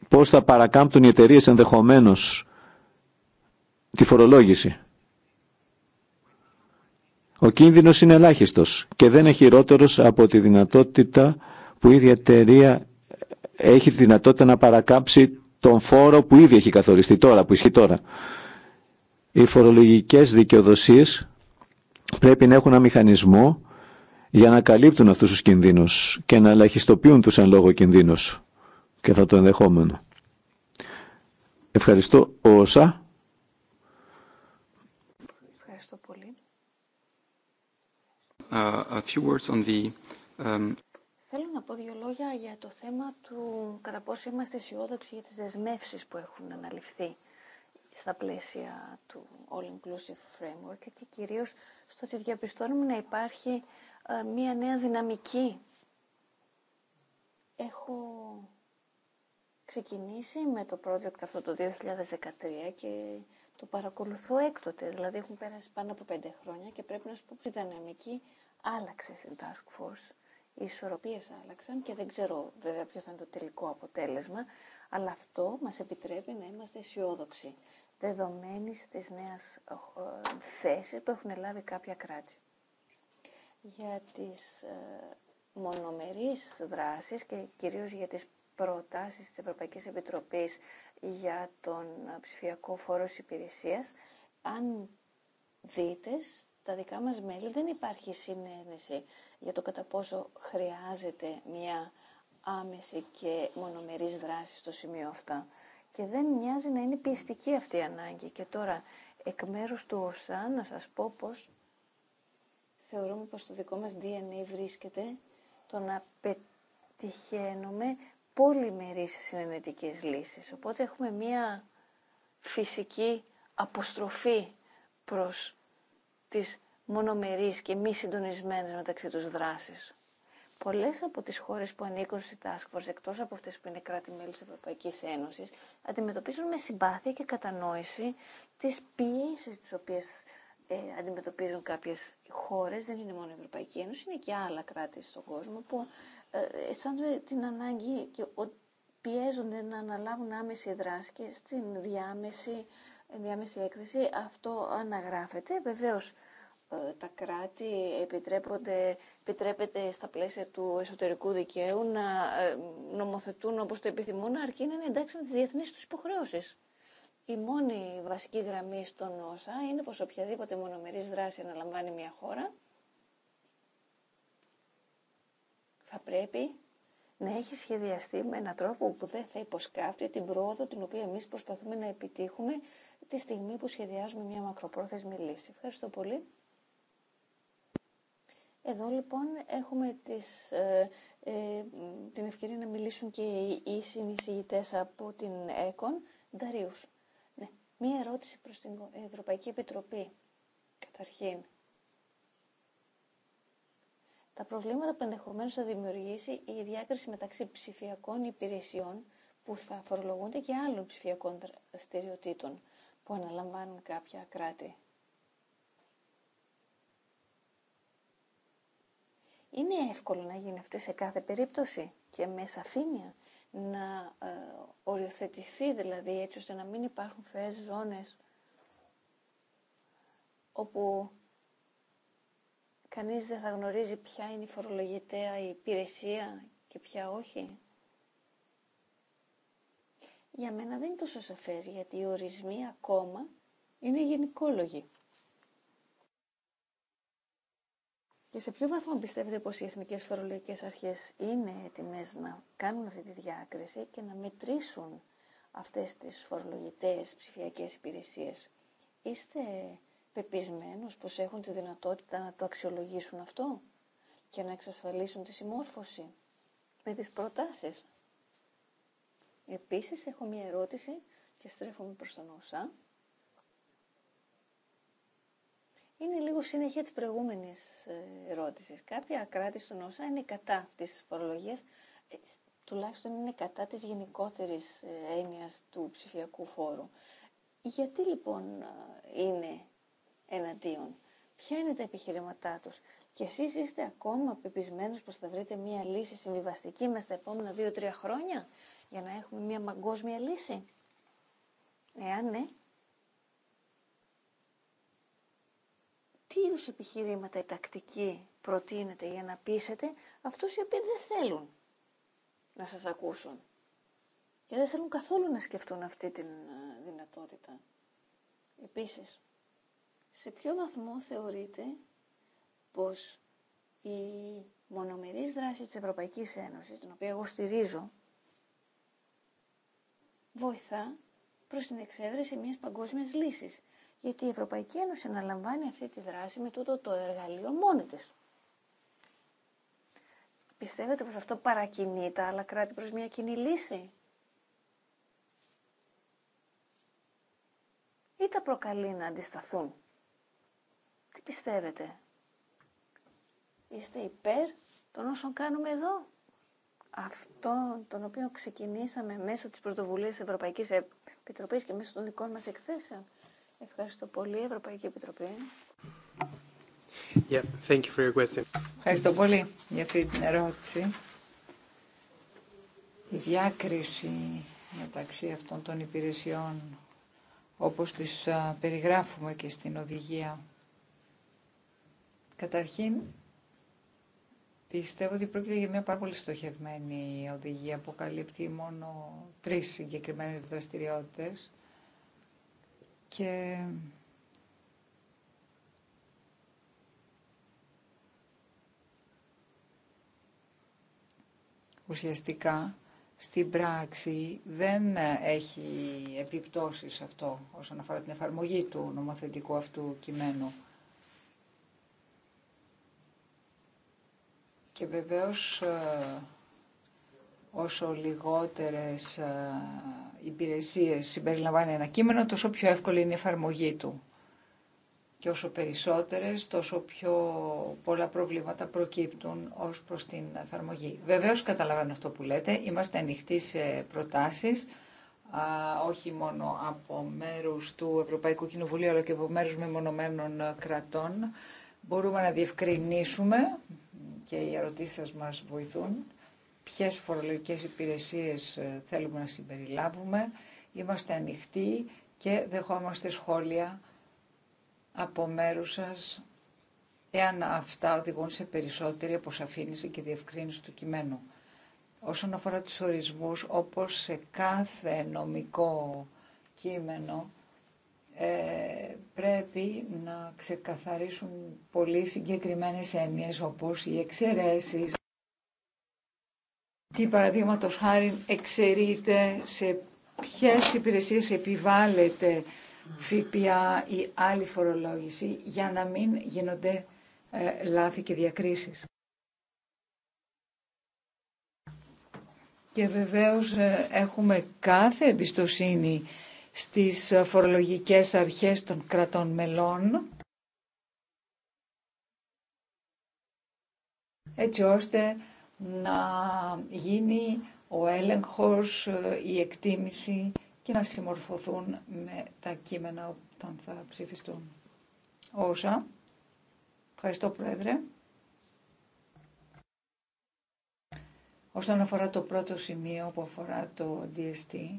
S1: Πώς θα παρακάμπτουν οι εταιρείε ενδεχομένως τη φορολόγηση. Ο κίνδυνος είναι ελάχιστος και δεν είναι χειρότερος από τη δυνατότητα που η ίδια εταιρεία έχει τη δυνατότητα να παρακάψει τον φόρο που ήδη έχει καθοριστεί τώρα, που ισχύει τώρα. Οι φορολογικές δικαιοδοσίες πρέπει να έχουν ένα μηχανισμό για να καλύπτουν αυτούς τους κινδύνους και να ελαχιστοποιούν τους εν λόγω κινδύνους και αυτό το ενδεχόμενο. Ευχαριστώ,
S3: Όσα. a few words on the um,
S2: Θέλω να πω δύο λόγια για το θέμα του κατά πόσο είμαστε αισιόδοξοι για τις δεσμεύσεις που έχουν αναλυφθεί στα πλαίσια του All-Inclusive Framework και κυρίως στο ότι διαπιστώνουμε να υπάρχει ε, μία νέα δυναμική. Έχω ξεκινήσει με το project αυτό το 2013 και το παρακολουθώ έκτοτε, δηλαδή έχουν πέρασει πάνω από πέντε χρόνια και πρέπει να σου πω ότι η δυναμική άλλαξε στην Task Force. Οι ισορροπίες άλλαξαν και δεν ξέρω βέβαια ποιο θα είναι το τελικό αποτέλεσμα, αλλά αυτό μας επιτρέπει να είμαστε αισιόδοξοι, δεδομένης της νέα ε, θέση που έχουν λάβει κάποια κράτη. Για τις ε, μονομερείς δράσεις και κυρίως για τις προτάσεις της Ευρωπαϊκής Επιτροπής για τον ψηφιακό φόρο υπηρεσίας, αν δείτε τα δικά μας μέλη δεν υπάρχει συνένεση για το κατά πόσο χρειάζεται μια άμεση και μονομερής δράση στο σημείο αυτά. Και δεν μοιάζει να είναι πιεστική αυτή η ανάγκη. Και τώρα, εκ μέρους του ΩΣΑ, να σας πω πως θεωρούμε πως το δικό μας DNA βρίσκεται το να πετυχαίνουμε πολυμερείς συνενετικές λύσεις. Οπότε έχουμε μία φυσική αποστροφή προς τις μονομερείς και μη συντονισμένες μεταξύ τους δράσης. Πολλές από τις χώρες που ανήκουν στη Task Force, εκτός από αυτές που είναι κράτη-μέλη της Ευρωπαϊκής Ένωσης, αντιμετωπίζουν με συμπάθεια και κατανόηση τις πιέσεις τις οποίες ε, αντιμετωπίζουν κάποιες χώρες, δεν είναι μόνο η Ευρωπαϊκή Ένωση, είναι και άλλα κράτη στον κόσμο που ε, αισθάνονται την ανάγκη και πιέζονται να αναλάβουν άμεση δράση και στην διάμεση, διάμεση έκθεση αυτό αναγράφεται. Βεβαίως ε, τα κράτη επιτρέπονται, επιτρέπεται στα πλαίσια του εσωτερικού δικαίου να ε, νομοθετούν όπως το επιθυμούν, αρκεί να είναι εντάξει με τις διεθνείς τους υποχρεώσεις. Η μόνη βασική γραμμή στον ΩΣΑ είναι πως οποιαδήποτε μονομερής δράση αναλαμβάνει μια χώρα θα πρέπει να έχει σχεδιαστεί με έναν τρόπο που δεν θα υποσκάφτει την πρόοδο την οποία εμείς προσπαθούμε να επιτύχουμε τη στιγμή που σχεδιάζουμε μια μακροπρόθεσμη λύση. Ευχαριστώ πολύ. Εδώ λοιπόν έχουμε τις, ε, ε, την ευκαιρία να μιλήσουν και οι συνεισηγητές από την ΕΚΟΝ, Νταρίους. Ναι. Μία ερώτηση προς την Ευρωπαϊκή Επιτροπή, καταρχήν. Τα προβλήματα που ενδεχομένως θα δημιουργήσει η διάκριση μεταξύ ψηφιακών υπηρεσιών που θα φορολογούνται και άλλων ψηφιακών δραστηριοτήτων που αναλαμβάνουν κάποια κράτη. Είναι εύκολο να γίνει αυτό σε κάθε περίπτωση και με σαφήνεια να ε, οριοθετηθεί δηλαδή έτσι ώστε να μην υπάρχουν φαιές ζώνες όπου κανείς δεν θα γνωρίζει ποια είναι η φορολογητέα η υπηρεσία και ποια όχι. Για μένα δεν είναι τόσο σαφές γιατί οι ορισμοί ακόμα είναι γενικόλογοι. Και σε ποιο βαθμό πιστεύετε πως οι εθνικές φορολογικές αρχές είναι έτοιμες να κάνουν αυτή τη διάκριση και να μετρήσουν αυτές τις φορολογητές ψηφιακές υπηρεσίες. Είστε πεπισμένους πως έχουν τη δυνατότητα να το αξιολογήσουν αυτό και να εξασφαλίσουν τη συμμόρφωση με τις προτάσεις. Επίσης έχω μία ερώτηση και στρέφομαι προς τον ΩΣΑ είναι λίγο συνέχεια τη προηγούμενη ε, ερώτηση. Κάποια κράτη στον ΩΣΑ είναι κατά αυτής της φορολογίας, ε, τουλάχιστον είναι κατά τη γενικότερη ε, έννοια του ψηφιακού φόρου. Γιατί λοιπόν είναι εναντίον, ποια είναι τα επιχειρηματά τους και εσεί είστε ακόμα πεπισμένους πω θα βρείτε μια λύση συμβιβαστική μέσα στα επόμενα 2-3 χρόνια για να έχουμε μια μαγκόσμια λύση. Εάν ναι, τι είδους επιχειρήματα η τακτική προτείνετε για να πείσετε αυτούς οι οποίοι δεν θέλουν να σας ακούσουν και δεν θέλουν καθόλου να σκεφτούν αυτή τη ε, δυνατότητα. Επίσης, σε ποιο βαθμό θεωρείτε πως η μονομερής δράση της Ευρωπαϊκής Ένωσης, την οποία εγώ στηρίζω, βοηθά προς την εξέβρεση μιας παγκόσμιας λύσης γιατί η Ευρωπαϊκή Ένωση αναλαμβάνει αυτή τη δράση με τούτο το εργαλείο μόνη της. Πιστεύετε πως αυτό παρακινεί τα άλλα κράτη προς μια κοινή λύση. Ή τα προκαλεί να αντισταθούν. Τι πιστεύετε. Είστε υπέρ των όσων κάνουμε εδώ. Αυτό τον οποίο ξεκινήσαμε μέσω της πρωτοβουλίας της Ευρωπαϊκής Επιτροπής και μέσω των δικών μας εκθέσεων. Ευχαριστώ πολύ, Ευρωπαϊκή Επιτροπή.
S3: Yeah, thank you for your question. Ευχαριστώ πολύ για αυτή την ερώτηση. Η διάκριση μεταξύ αυτών των υπηρεσιών, όπως τις περιγράφουμε και στην οδηγία, καταρχήν πιστεύω ότι πρόκειται για μια πάρα πολύ στοχευμένη οδηγία που καλύπτει μόνο τρεις συγκεκριμένες δραστηριότητες και ουσιαστικά στην πράξη δεν έχει επιπτώσεις αυτό όσον αφορά την εφαρμογή του νομοθετικού αυτού κειμένου. Και βεβαίως ε, όσο λιγότερες ε, υπηρεσίες συμπεριλαμβάνει ένα κείμενο, τόσο πιο εύκολη είναι η εφαρμογή του. Και όσο περισσότερες, τόσο πιο πολλά προβλήματα προκύπτουν ως προς την εφαρμογή. Βεβαίως καταλαβαίνω αυτό που λέτε, είμαστε ανοιχτοί σε προτάσεις, όχι μόνο από μέρους του Ευρωπαϊκού Κοινοβουλίου, αλλά και από μέρους μεμονωμένων κρατών. Μπορούμε να διευκρινίσουμε και οι ερωτήσεις σας μας βοηθούν ποιες φορολογικές υπηρεσίες ε, θέλουμε να συμπεριλάβουμε. Είμαστε ανοιχτοί και δεχόμαστε σχόλια από μέρους σας εάν αυτά οδηγούν σε περισσότερη αποσαφήνιση και διευκρίνηση του κειμένου. Όσον αφορά τους ορισμούς, όπως σε κάθε νομικό κείμενο, ε, πρέπει να ξεκαθαρίσουν πολύ συγκεκριμένες έννοιες όπως οι εξαιρέσεις, τι παραδείγματο χάρη εξαιρείται, σε ποιες υπηρεσίες επιβάλλεται ΦΠΑ ή άλλη φορολόγηση για να μην γίνονται ε, λάθη και διακρίσεις. Και βεβαίως ε, έχουμε κάθε εμπιστοσύνη στις φορολογικές αρχές των κρατών μελών, έτσι ώστε να γίνει ο έλεγχος, ε, η εκτίμηση και να συμμορφωθούν με τα κείμενα όταν θα ψηφιστούν. Όσα. Ευχαριστώ Πρόεδρε. Όσον αφορά το πρώτο σημείο που αφορά το DST,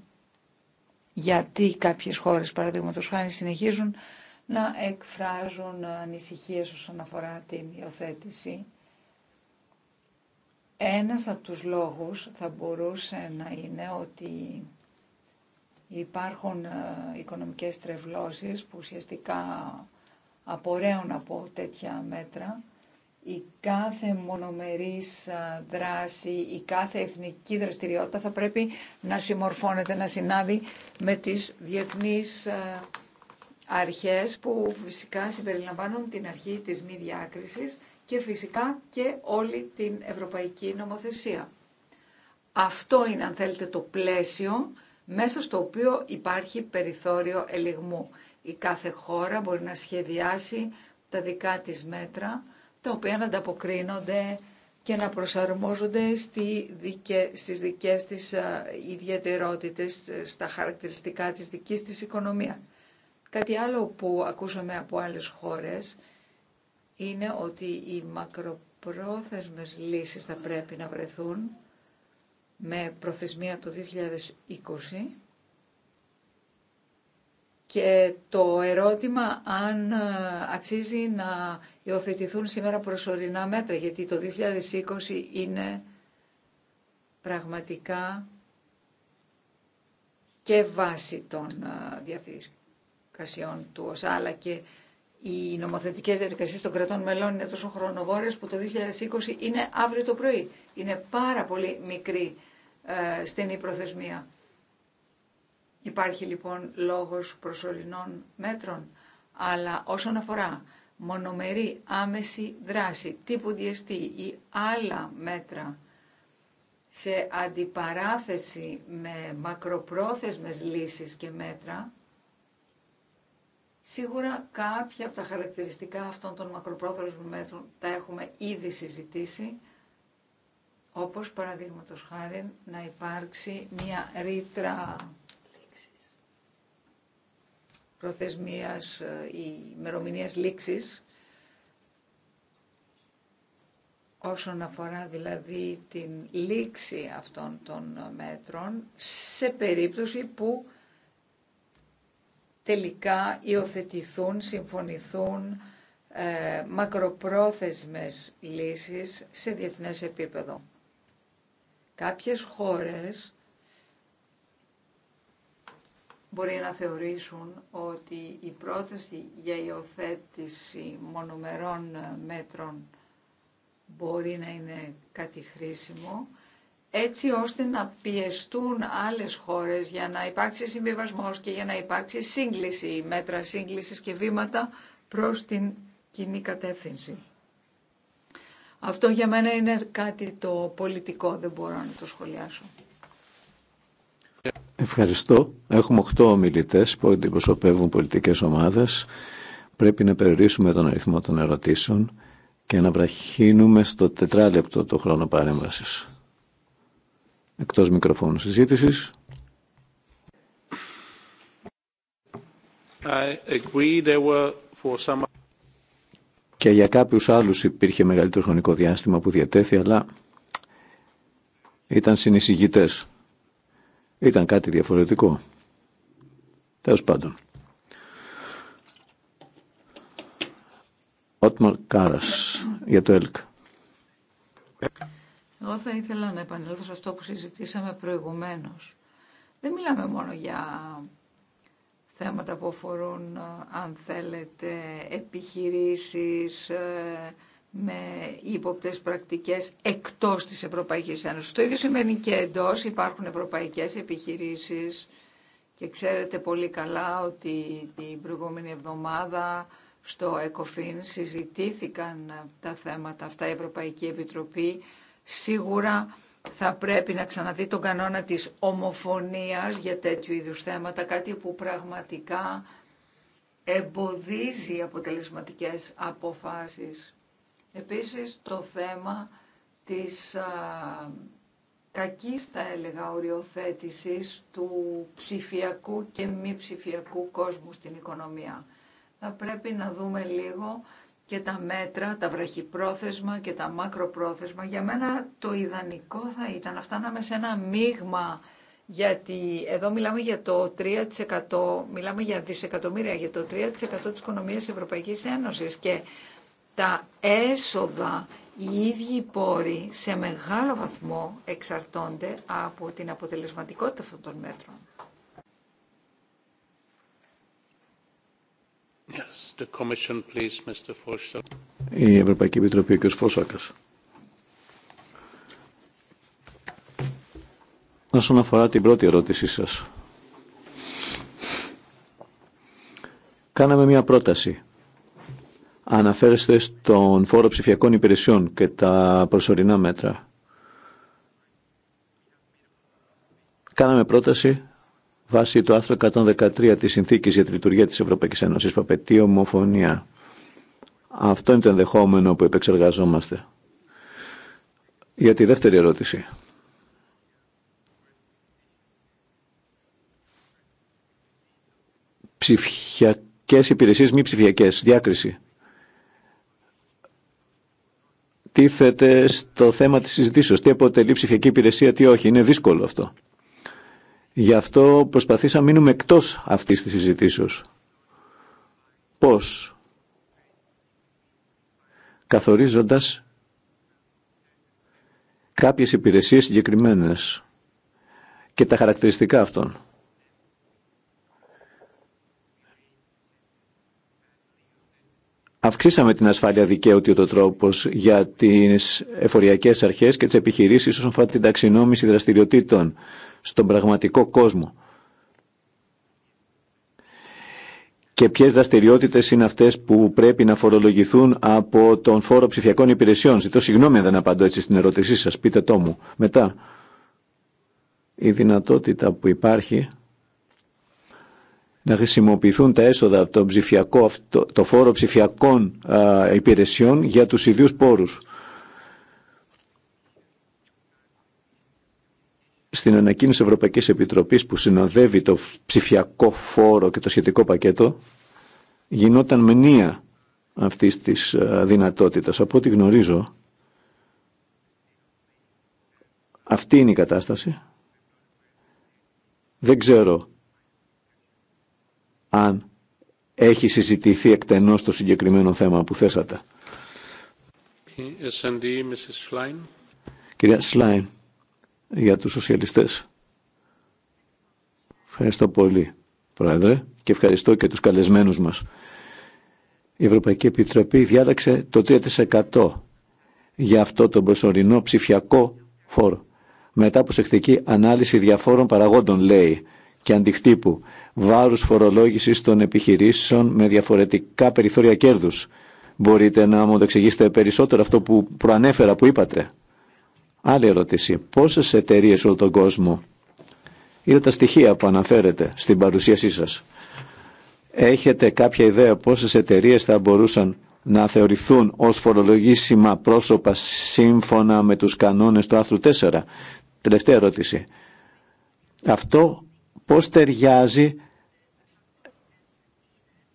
S3: γιατί κάποιες χώρες, παραδείγματο χάρη, συνεχίζουν να εκφράζουν ανησυχίες όσον αφορά την υιοθέτηση ένας από τους λόγους θα μπορούσε να είναι ότι υπάρχουν ε, οικονομικές τρευλώσεις που ουσιαστικά απορρέουν από τέτοια μέτρα. Η κάθε μονομερής ε, δράση, η κάθε εθνική δραστηριότητα θα πρέπει να συμμορφώνεται, να συνάδει με τις διεθνείς ε, αρχές που φυσικά συμπεριλαμβάνουν την αρχή της μη διάκρισης και φυσικά και όλη την ευρωπαϊκή νομοθεσία. Αυτό είναι αν θέλετε το πλαίσιο μέσα στο οποίο υπάρχει περιθώριο ελιγμού. Η κάθε χώρα μπορεί να σχεδιάσει τα δικά της μέτρα, τα οποία να ανταποκρίνονται και να προσαρμόζονται στη δικέ στις δικές της ε, ιδιαιτερότητες, ε, στα χαρακτηριστικά της δικής της οικονομία. Κάτι άλλο που ακούσαμε από άλλες χώρες είναι ότι οι μακροπρόθεσμες λύσεις θα πρέπει να βρεθούν με προθεσμία το 2020 και το ερώτημα αν ε, αξίζει να υιοθετηθούν σήμερα προσωρινά μέτρα, γιατί το 2020 είναι πραγματικά και βάση των ε, διαδικασιών του ΟΣΑ, αλλά και οι νομοθετικές διαδικασίες των κρατών μελών είναι τόσο χρονοβόρες που το 2020 είναι αύριο το πρωί. Είναι πάρα πολύ μικρή ε, στενή προθεσμία. Υπάρχει λοιπόν λόγος προσωρινών μέτρων, αλλά όσον αφορά μονομερή άμεση δράση, τύπου DST ή άλλα μέτρα σε αντιπαράθεση με μακροπρόθεσμες λύσεις και μέτρα, Σίγουρα κάποια από τα χαρακτηριστικά αυτών των μακροπρόθεσμων μέτρων τα έχουμε ήδη συζητήσει, όπως παραδείγματος χάρη να υπάρξει μια ρήτρα προθεσμίας ε, ή ημερομηνία λήξης, όσον αφορά δηλαδή την λήξη αυτών των μέτρων, σε περίπτωση που τελικά υιοθετηθούν, συμφωνηθούν ε, μακροπρόθεσμες λύσεις σε διεθνές επίπεδο. Κάποιες χώρες μπορεί να θεωρήσουν ότι η πρόταση για υιοθέτηση μονομερών μέτρων μπορεί να είναι κάτι χρήσιμο, έτσι ώστε να πιεστούν άλλες χώρες για να υπάρξει συμβιβασμός και για να υπάρξει σύγκληση, μέτρα σύγκλησης και βήματα προς την κοινή κατεύθυνση. Αυτό για μένα είναι κάτι το πολιτικό, δεν μπορώ να το σχολιάσω.
S1: Ευχαριστώ. Έχουμε οκτώ ομιλητέ που αντιπροσωπεύουν πολιτικές ομάδες. Πρέπει να περιορίσουμε τον αριθμό των ερωτήσεων και να βραχύνουμε στο τετράλεπτο το χρόνο παρέμβασης εκτός μικροφώνου συζήτησης. some... Και για κάποιους άλλους υπήρχε μεγαλύτερο χρονικό διάστημα που διατέθη, αλλά ήταν συνεισηγητές. Ήταν κάτι διαφορετικό. Τέλο πάντων. Ότμαρ Κάρας για το ΕΛΚ.
S3: Εγώ θα ήθελα να επανέλθω σε αυτό που συζητήσαμε προηγουμένως. Δεν μιλάμε μόνο για θέματα που αφορούν, ε, αν θέλετε, επιχειρήσεις ε, με ύποπτες πρακτικές εκτός της Ευρωπαϊκής Ένωσης. Το ίδιο σημαίνει και εντός. Υπάρχουν ευρωπαϊκές επιχειρήσεις και ξέρετε πολύ καλά ότι την προηγούμενη εβδομάδα στο ΕΚΟΦΗΝ συζητήθηκαν τα θέματα αυτά. Η Ευρωπαϊκή Επιτροπή Σίγουρα θα πρέπει να ξαναδεί τον κανόνα της ομοφωνίας για τέτοιου είδους θέματα, κάτι που πραγματικά εμποδίζει αποτελεσματικές αποφάσεις. Επίσης το θέμα της α, κακής θα έλεγα οριοθέτησης του ψηφιακού και μη ψηφιακού κόσμου στην οικονομία. Θα πρέπει να δούμε λίγο και τα μέτρα, τα βραχυπρόθεσμα και τα μακροπρόθεσμα. Για μένα το ιδανικό θα ήταν αυτά να σε ένα μείγμα, γιατί εδώ μιλάμε για το 3%, μιλάμε για δισεκατομμύρια, για το 3% της οικονομίας της Ευρωπαϊκής Ένωσης και τα έσοδα, οι ίδιοι πόροι σε μεγάλο βαθμό εξαρτώνται από την αποτελεσματικότητα αυτών των μέτρων.
S1: Η Ευρωπαϊκή Επιτροπή, ο Όσον αφορά την πρώτη ερώτησή σας. Κάναμε μια πρόταση. Αναφέρεστε στον φόρο ψηφιακών υπηρεσιών και τα προσωρινά μέτρα. Κάναμε πρόταση βάσει του άρθρο 113 της Συνθήκης για τη Λειτουργία της Ευρωπαϊκής Ένωσης που απαιτεί ομοφωνία. Αυτό είναι το ενδεχόμενο που επεξεργαζόμαστε. Για τη δεύτερη ερώτηση. Ψηφιακές υπηρεσίες, μη ψηφιακές, διάκριση. Τίθεται στο θέμα της συζητήσεως. Τι αποτελεί ψηφιακή υπηρεσία, τι όχι. Είναι δύσκολο αυτό. Γι' αυτό προσπαθήσαμε να μείνουμε εκτός αυτής της συζητήσεως. Πώς? Καθορίζοντας κάποιες υπηρεσίες συγκεκριμένες και τα χαρακτηριστικά αυτών. αυξήσαμε την ασφάλεια δικαίου ότι ο τρόπος για τις εφοριακές αρχές και τι επιχειρήσει όσον αφορά την ταξινόμηση δραστηριοτήτων στον πραγματικό κόσμο. και ποιε δραστηριότητε είναι αυτέ που πρέπει να φορολογηθούν από τον φόρο ψηφιακών υπηρεσιών. Ζητώ συγγνώμη αν δεν απαντώ έτσι στην ερώτησή σα, πείτε το μου. Μετά, η δυνατότητα που υπάρχει να χρησιμοποιηθούν τα έσοδα από ψηφιακό, το, φόρο ψηφιακών υπηρεσιών για τους ιδίους πόρους. Στην ανακοίνωση Ευρωπαϊκής Επιτροπής που συνοδεύει το ψηφιακό φόρο και το σχετικό πακέτο γινόταν μενία αυτής της δυνατότητας. Από ό,τι γνωρίζω, αυτή είναι η κατάσταση. Δεν ξέρω αν έχει συζητηθεί εκτενώς το συγκεκριμένο θέμα που θέσατε. Mrs. Κυρία Σλάιν, για τους σοσιαλιστές. Ευχαριστώ πολύ, Πρόεδρε, και ευχαριστώ και τους καλεσμένους μας. Η Ευρωπαϊκή Επιτροπή διάλεξε το 3% για αυτό το προσωρινό ψηφιακό φόρο. Μετά από σεχτική ανάλυση διαφόρων παραγόντων, λέει, και αντιχτύπου βάρους φορολόγησης των επιχειρήσεων με διαφορετικά περιθώρια κέρδους. Μπορείτε να μου το εξηγήσετε περισσότερο αυτό που προανέφερα, που είπατε. Άλλη ερώτηση. Πόσες εταιρείε όλο τον κόσμο είδα τα στοιχεία που αναφέρετε στην παρουσίασή σας. Έχετε κάποια ιδέα πόσες εταιρείε θα μπορούσαν να θεωρηθούν ως φορολογήσιμα πρόσωπα σύμφωνα με τους κανόνες του άρθρου 4. Τελευταία ερώτηση. Αυτό πώς ταιριάζει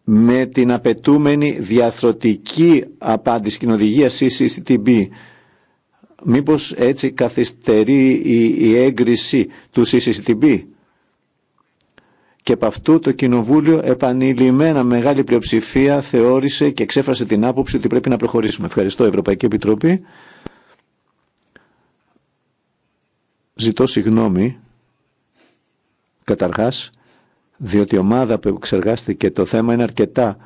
S1: με την απαιτούμενη διαθροτική απάντηση στην οδηγία CCTB. Μήπως έτσι καθυστερεί η, έγκριση του CCTB. Και από αυτού το Κοινοβούλιο επανειλημμένα μεγάλη πλειοψηφία θεώρησε και εξέφρασε την άποψη ότι πρέπει να προχωρήσουμε. Ευχαριστώ Ευρωπαϊκή Επιτροπή. Ζητώ συγγνώμη Καταρχάς, διότι η ομάδα που εξεργάστηκε το θέμα είναι αρκετά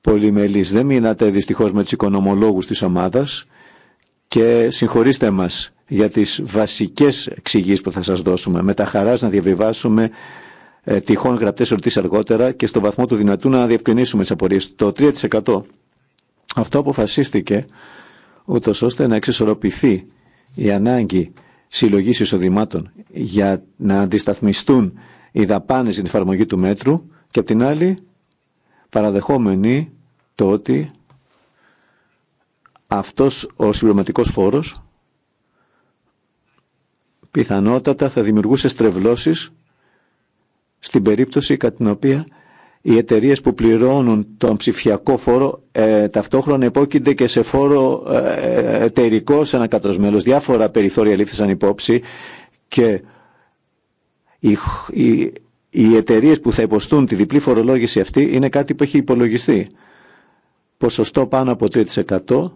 S1: πολυμελής. Δεν μείνατε δυστυχώς με τους οικονομολόγους της ομάδας και συγχωρήστε μας για τις βασικές εξηγήσεις που θα σας δώσουμε. Με τα χαράς να διαβιβάσουμε ε, τυχόν γραπτές ερωτήσεις αργότερα και στο βαθμό του δυνατού να διευκρινίσουμε τις απορίες. Το 3% αυτό αποφασίστηκε ούτως ώστε να εξισορροπηθεί η ανάγκη συλλογής εισοδημάτων για να αντισταθμιστούν οι δαπάνες στην εφαρμογή του μέτρου και απ' την άλλη παραδεχόμενοι το ότι αυτός ο συμπληρωματικός φόρος πιθανότατα θα δημιουργούσε στρεβλώσεις στην περίπτωση κατά την οποία οι εταιρείε που πληρώνουν τον ψηφιακό φόρο ε, ταυτόχρονα υπόκεινται και σε φόρο ε, εταιρικό σε ένα Διάφορα περιθώρια λήφθησαν υπόψη και οι, οι, εταιρείε που θα υποστούν τη διπλή φορολόγηση αυτή είναι κάτι που έχει υπολογιστεί. Ποσοστό πάνω από 3%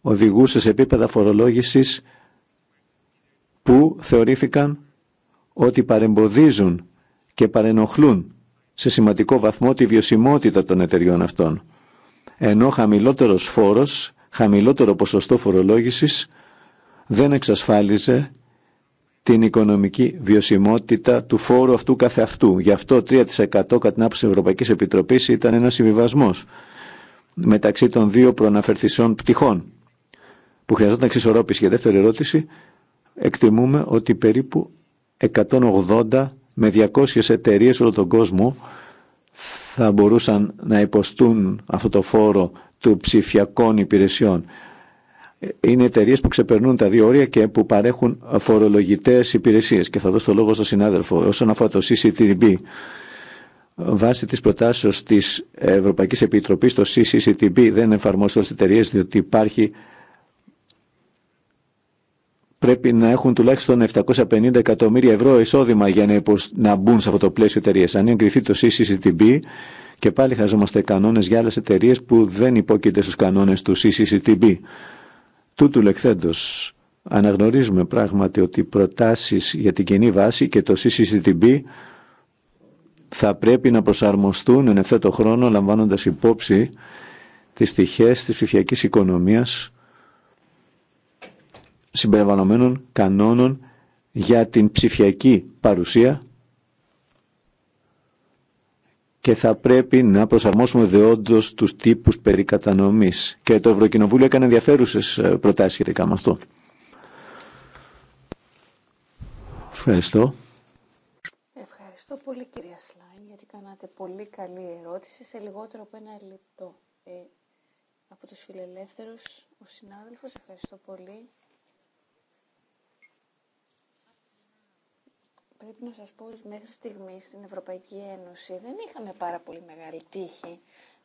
S1: οδηγούσε σε επίπεδα φορολόγησης που θεωρήθηκαν ότι παρεμποδίζουν και παρενοχλούν σε σημαντικό βαθμό τη βιωσιμότητα των εταιριών αυτών. Ενώ χαμηλότερος φόρος, χαμηλότερο ποσοστό φορολόγησης δεν εξασφάλιζε την οικονομική βιωσιμότητα του φόρου αυτού καθεαυτού. Γι' αυτό 3% κατά την άποψη της Ευρωπαϊκής Επιτροπής ήταν ένα συμβιβασμό μεταξύ των δύο προαναφερθησών πτυχών που χρειαζόταν εξισορρόπηση. Για δεύτερη ερώτηση, εκτιμούμε ότι περίπου 180 με 200 εταιρείε όλο τον κόσμο θα μπορούσαν να υποστούν αυτό το φόρο του ψηφιακών υπηρεσιών. Είναι εταιρείε που ξεπερνούν τα δύο όρια και που παρέχουν φορολογητέ υπηρεσίε. Και θα δώσω το λόγο στον συνάδελφο όσον αφορά το CCTB. Βάσει τη προτάσεω τη Ευρωπαϊκή Επιτροπή, το CCTB δεν εφαρμόζεται στι εταιρείε διότι υπάρχει πρέπει να έχουν τουλάχιστον 750 εκατομμύρια ευρώ εισόδημα για να, μπουν σε αυτό το πλαίσιο εταιρείε. Αν εγκριθεί το CCCTB και πάλι χαζόμαστε κανόνες για άλλες εταιρείε που δεν υπόκειται στους κανόνες του CCCTB. Τούτου λεκθέντος αναγνωρίζουμε πράγματι ότι οι προτάσεις για την κοινή βάση και το CCCTB θα πρέπει να προσαρμοστούν εν ευθέτω χρόνο λαμβάνοντας υπόψη τις στοιχές της ψηφιακής οικονομίας συμπεριλαμβανομένων κανόνων για την ψηφιακή παρουσία και θα πρέπει να προσαρμόσουμε δεόντως τους τύπους περί Και το Ευρωκοινοβούλιο έκανε ενδιαφέρουσε ε, προτάσεις σχετικά με αυτό. Ευχαριστώ.
S2: Ευχαριστώ πολύ κυρία Σλάιν γιατί κάνατε πολύ καλή ερώτηση σε λιγότερο από ένα λεπτό. Ε, από τους φιλελεύθερου ο συνάδελφο, ευχαριστώ πολύ. Πρέπει να σας πω ότι μέχρι στιγμή στην Ευρωπαϊκή Ένωση δεν είχαμε πάρα πολύ μεγάλη τύχη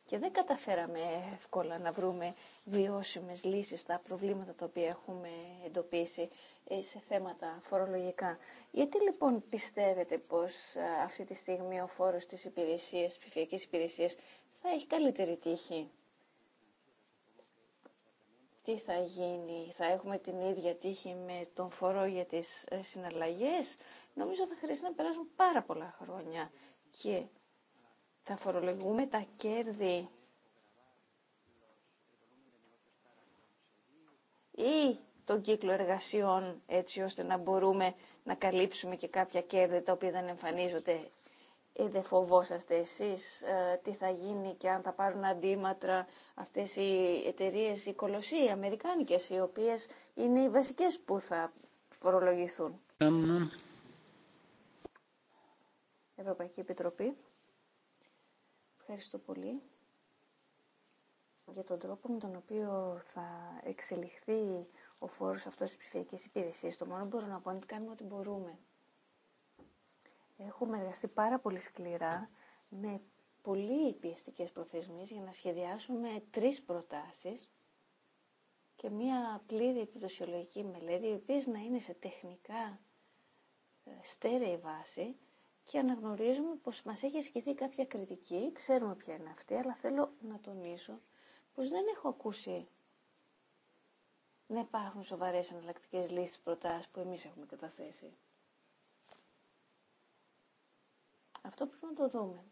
S2: και δεν καταφέραμε εύκολα να βρούμε βιώσιμες λύσεις στα προβλήματα τα οποία έχουμε εντοπίσει ε, σε θέματα φορολογικά. Γιατί λοιπόν πιστεύετε πως ε, αυτή τη στιγμή ο φόρος της υπηρεσίας, ψηφιακής υπηρεσίας θα έχει καλύτερη τύχη. Τι θα γίνει, θα έχουμε την ίδια τύχη με τον φορό για τις ε, συναλλαγές, νομίζω θα χρειαστεί να περάσουν πάρα πολλά χρόνια και θα φορολογούμε τα κέρδη ή τον κύκλο εργασιών έτσι ώστε να μπορούμε να καλύψουμε και κάποια κέρδη τα οποία δεν εμφανίζονται. Ε, δεν φοβόσαστε εσείς ε, τι θα γίνει και αν θα πάρουν αντίματρα αυτές οι εταιρείες, οι κολοσσοί, οι αμερικάνικες, οι οποίες είναι οι βασικές που θα φορολογηθούν. Ευρωπαϊκή Επιτροπή. Ευχαριστώ πολύ για τον τρόπο με τον οποίο θα εξελιχθεί ο φόρος αυτός της ψηφιακής υπηρεσίας. Το μόνο που μπορώ να πω είναι ότι κάνουμε ό,τι μπορούμε. Έχουμε εργαστεί πάρα πολύ σκληρά με πολύ πιεστικές προθεσμίες για να σχεδιάσουμε τρεις προτάσεις και μία πλήρη επιδοσιολογική μελέτη, η οποία να είναι σε τεχνικά ε, στέρεη βάση και αναγνωρίζουμε πως μας έχει ασκηθεί κάποια κριτική, ξέρουμε ποια είναι αυτή, αλλά θέλω να τονίσω πως δεν έχω ακούσει να υπάρχουν σοβαρές εναλλακτικέ λύσεις προτάσεις που εμείς έχουμε καταθέσει. Αυτό πρέπει να το δούμε.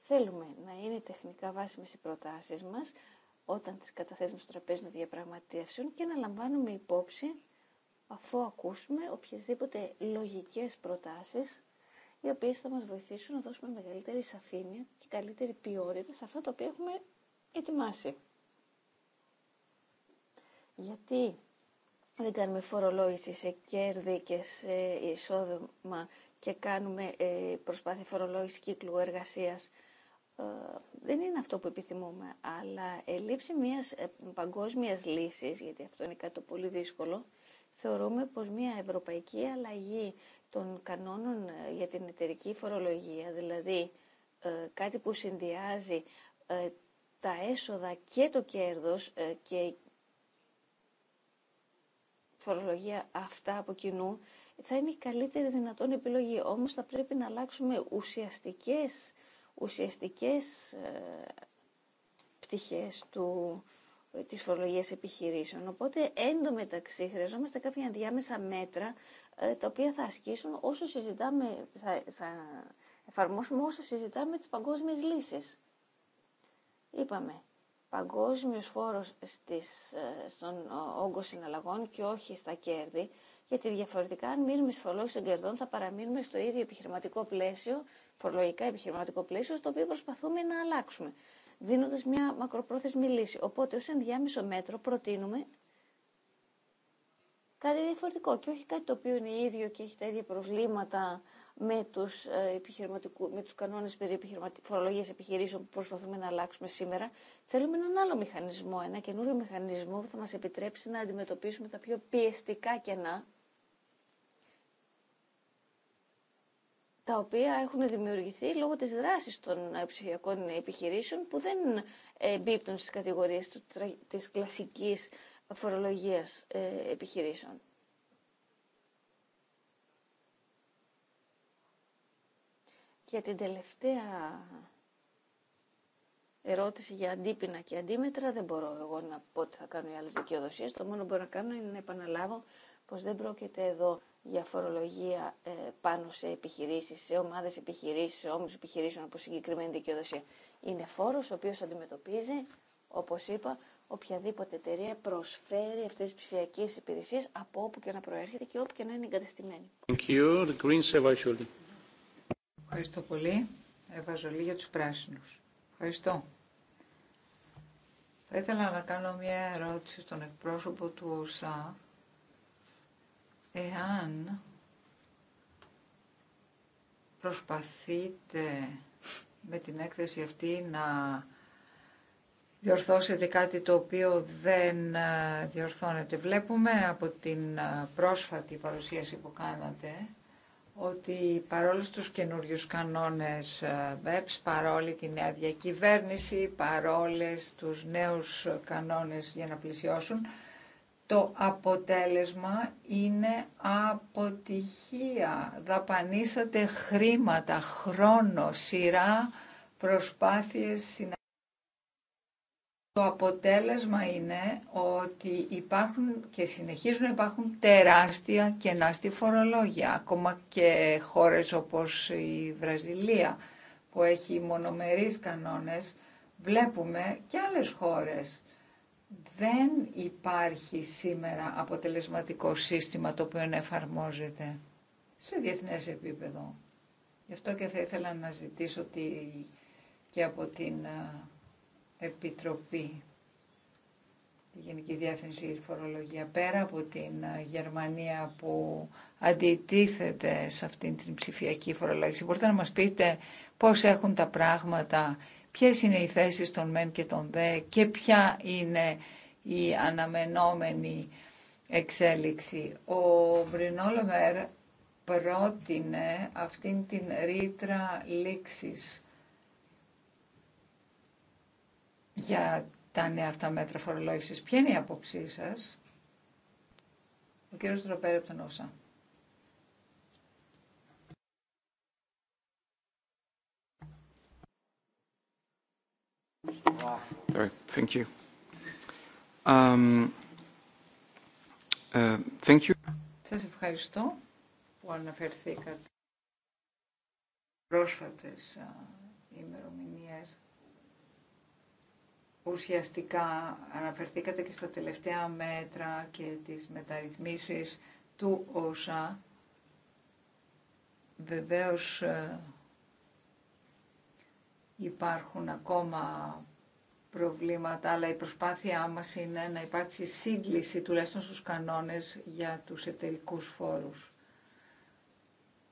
S2: Θέλουμε να είναι τεχνικά βάσιμες οι προτάσεις μας, όταν τις καταθέσουμε στο τραπέζι των διαπραγματεύσεων και να λαμβάνουμε υπόψη αφού ακούσουμε οποιασδήποτε λογικές προτάσεις οι οποίες θα μας βοηθήσουν να δώσουμε μεγαλύτερη σαφήνεια και καλύτερη ποιότητα σε αυτά τα οποία έχουμε ετοιμάσει. Γιατί δεν κάνουμε φορολόγηση σε κέρδη και σε εισόδημα και κάνουμε ε, προσπάθεια φορολόγηση κύκλου εργασίας ε, δεν είναι αυτό που επιθυμούμε, αλλά ελήψη μιας ε, παγκόσμιας λύσης, γιατί αυτό είναι κάτι πολύ δύσκολο, θεωρούμε πως μια ευρωπαϊκή αλλαγή των κανόνων ε, για την εταιρική φορολογία, δηλαδή κάτι που συνδυάζει τα έσοδα και το κέρδος και φορολογία αυτά από κοινού, θα είναι η καλύτερη δυνατόν επιλογή. Όμως θα πρέπει να αλλάξουμε ουσιαστικές ουσιαστικές ε, πτυχές του, ε, της φορολογίας επιχειρήσεων. Οπότε, εντωμεταξύ, χρειαζόμαστε κάποια διάμεσα μέτρα ε, τα οποία θα ασκήσουν όσο συζητάμε, θα, θα εφαρμόσουμε όσο συζητάμε τις παγκόσμιες λύσεις. Είπαμε, παγκόσμιος φόρος στις, στον όγκο συναλλαγών και όχι στα κέρδη, γιατί διαφορετικά αν μείνουμε στις φορολόγηση των κερδών θα παραμείνουμε στο ίδιο επιχειρηματικό πλαίσιο φορολογικά επιχειρηματικό πλαίσιο, στο οποίο προσπαθούμε να αλλάξουμε, δίνοντας μια μακροπρόθεσμη λύση. Οπότε, ως ενδιάμεσο μέτρο, προτείνουμε κάτι διαφορετικό και όχι κάτι το οποίο είναι ίδιο και έχει τα ίδια προβλήματα με τους, κανόνε με κανόνες περί φορολογίας επιχειρήσεων που προσπαθούμε να αλλάξουμε σήμερα. Θέλουμε έναν άλλο μηχανισμό, ένα καινούριο μηχανισμό που θα μας επιτρέψει να αντιμετωπίσουμε τα πιο πιεστικά κενά τα οποία έχουν δημιουργηθεί λόγω της δράσης των ψηφιακών επιχειρήσεων που δεν ε, εμπίπτουν στις κατηγορίες της κλασικής φορολογίας ε, επιχειρήσεων. Για την τελευταία ερώτηση για αντίπεινα και αντίμετρα δεν μπορώ εγώ να πω ότι θα κάνω οι άλλες δικαιοδοσίες. Το μόνο που μπορώ να κάνω είναι να επαναλάβω πως δεν πρόκειται εδώ για φορολογία ε, πάνω σε επιχειρήσεις, σε ομάδες επιχειρήσεις, σε όμως επιχειρήσεων από συγκεκριμένη δικαιοδοσία. Είναι φόρος ο οποίος αντιμετωπίζει, όπως είπα, οποιαδήποτε εταιρεία προσφέρει αυτές τις ψηφιακές υπηρεσίες από όπου και να προέρχεται και όπου και να είναι εγκατεστημένη.
S3: Ευχαριστώ πολύ. Ευαζολή για τους πράσινους. Ευχαριστώ. Θα ήθελα να κάνω μια ερώτηση στον εκπρόσωπο του ΟΣΑ εάν προσπαθείτε με την έκθεση αυτή να διορθώσετε κάτι το οποίο δεν ε, διορθώνεται. Βλέπουμε από την ε, πρόσφατη παρουσίαση που κάνατε ότι παρόλο τους καινούριους κανόνες BEPS, ε, παρόλη την νέα διακυβέρνηση, παρόλες τους νέους κανόνες για να πλησιώσουν, το αποτέλεσμα είναι αποτυχία. Δαπανίσατε χρήματα, χρόνο, σειρά, προσπάθειες, συναντήσεις. Το αποτέλεσμα είναι ότι υπάρχουν και συνεχίζουν να υπάρχουν τεράστια κενά στη φορολόγια. Ακόμα και χώρες όπως η Βραζιλία που έχει μονομερείς κανόνες, βλέπουμε και άλλες χώρες δεν υπάρχει σήμερα αποτελεσματικό σύστημα το οποίο εφαρμόζεται σε διεθνές επίπεδο. Γι' αυτό και θα ήθελα να ζητήσω τη, και από την Επιτροπή, τη Γενική Διεύθυνση Φορολογία, πέρα από την Γερμανία που αντιτίθεται σε αυτήν την ψηφιακή φορολογία Μπορείτε να μας πείτε πώς έχουν τα πράγματα ποιες είναι οι θέσεις των μεν και των δε και ποια είναι η αναμενόμενη εξέλιξη. Ο Μπρινόλομερ πρότεινε αυτήν την ρήτρα λήξης για τα νέα αυτά μέτρα φορολόγησης. Ποια είναι η άποψή σας, ο κύριος Τροπέρε από τον Όσα. Thank you. Um, uh, thank you. Σας ευχαριστώ που αναφερθήκατε πρόσφατες ημερομηνίες. Ουσιαστικά αναφερθήκατε και στα τελευταία μέτρα και τις μεταρρυθμίσεις του ΩΣΑ. Βεβαίως ε, υπάρχουν ακόμα προβλήματα, αλλά η προσπάθειά μας είναι να υπάρξει σύγκληση τουλάχιστον στους κανόνες για τους εταιρικούς φόρους.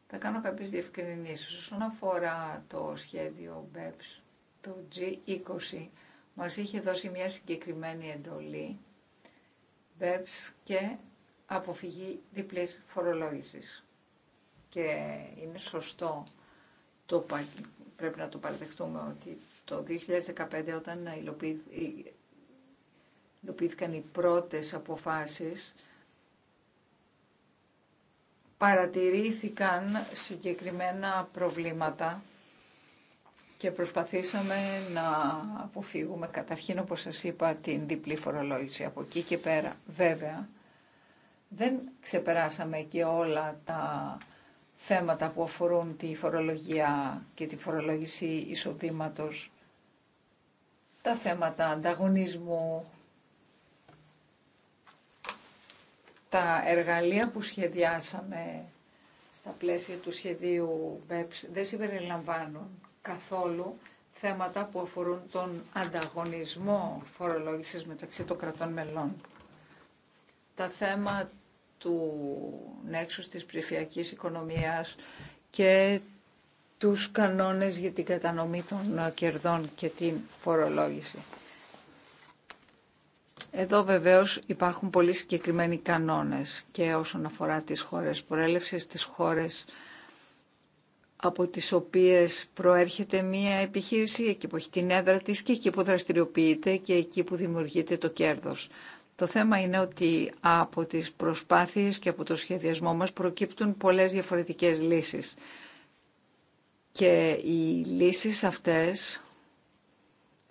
S3: Θα κάνω κάποιες διευκρινήσεις. Όσον αφορά το σχέδιο BEPS, το G20, μας είχε δώσει μια συγκεκριμένη εντολή BEPS και αποφυγή διπλής φορολόγησης. Και είναι σωστό το πρέπει να το παραδεχτούμε ότι το 2015 όταν υλοποιήθηκαν οι πρώτες αποφάσεις παρατηρήθηκαν συγκεκριμένα προβλήματα και προσπαθήσαμε να αποφύγουμε καταρχήν όπως σας είπα την διπλή φορολόγηση από εκεί και πέρα βέβαια δεν ξεπεράσαμε και όλα τα θέματα που αφορούν τη φορολογία και τη φορολόγηση εισοδήματος, τα θέματα ανταγωνισμού, τα εργαλεία που σχεδιάσαμε στα πλαίσια του σχεδίου BEPS δεν συμπεριλαμβάνουν καθόλου θέματα που αφορούν τον ανταγωνισμό φορολόγησης μεταξύ των κρατών μελών. Τα θέματα του νέξους της ψηφιακής οικονομίας και τους κανόνες για την κατανομή των κερδών και την φορολόγηση. Εδώ βεβαίως υπάρχουν πολύ συγκεκριμένοι κανόνες και όσον αφορά τις χώρες προέλευσης, τις χώρες από τις οποίες προέρχεται μία επιχείρηση, εκεί που έχει την έδρα της και εκεί που δραστηριοποιείται και εκεί που δημιουργείται το κέρδος. Το θέμα είναι ότι από τις προσπάθειες και από το σχεδιασμό μας προκύπτουν πολλές διαφορετικές λύσεις. Και οι λύσεις αυτές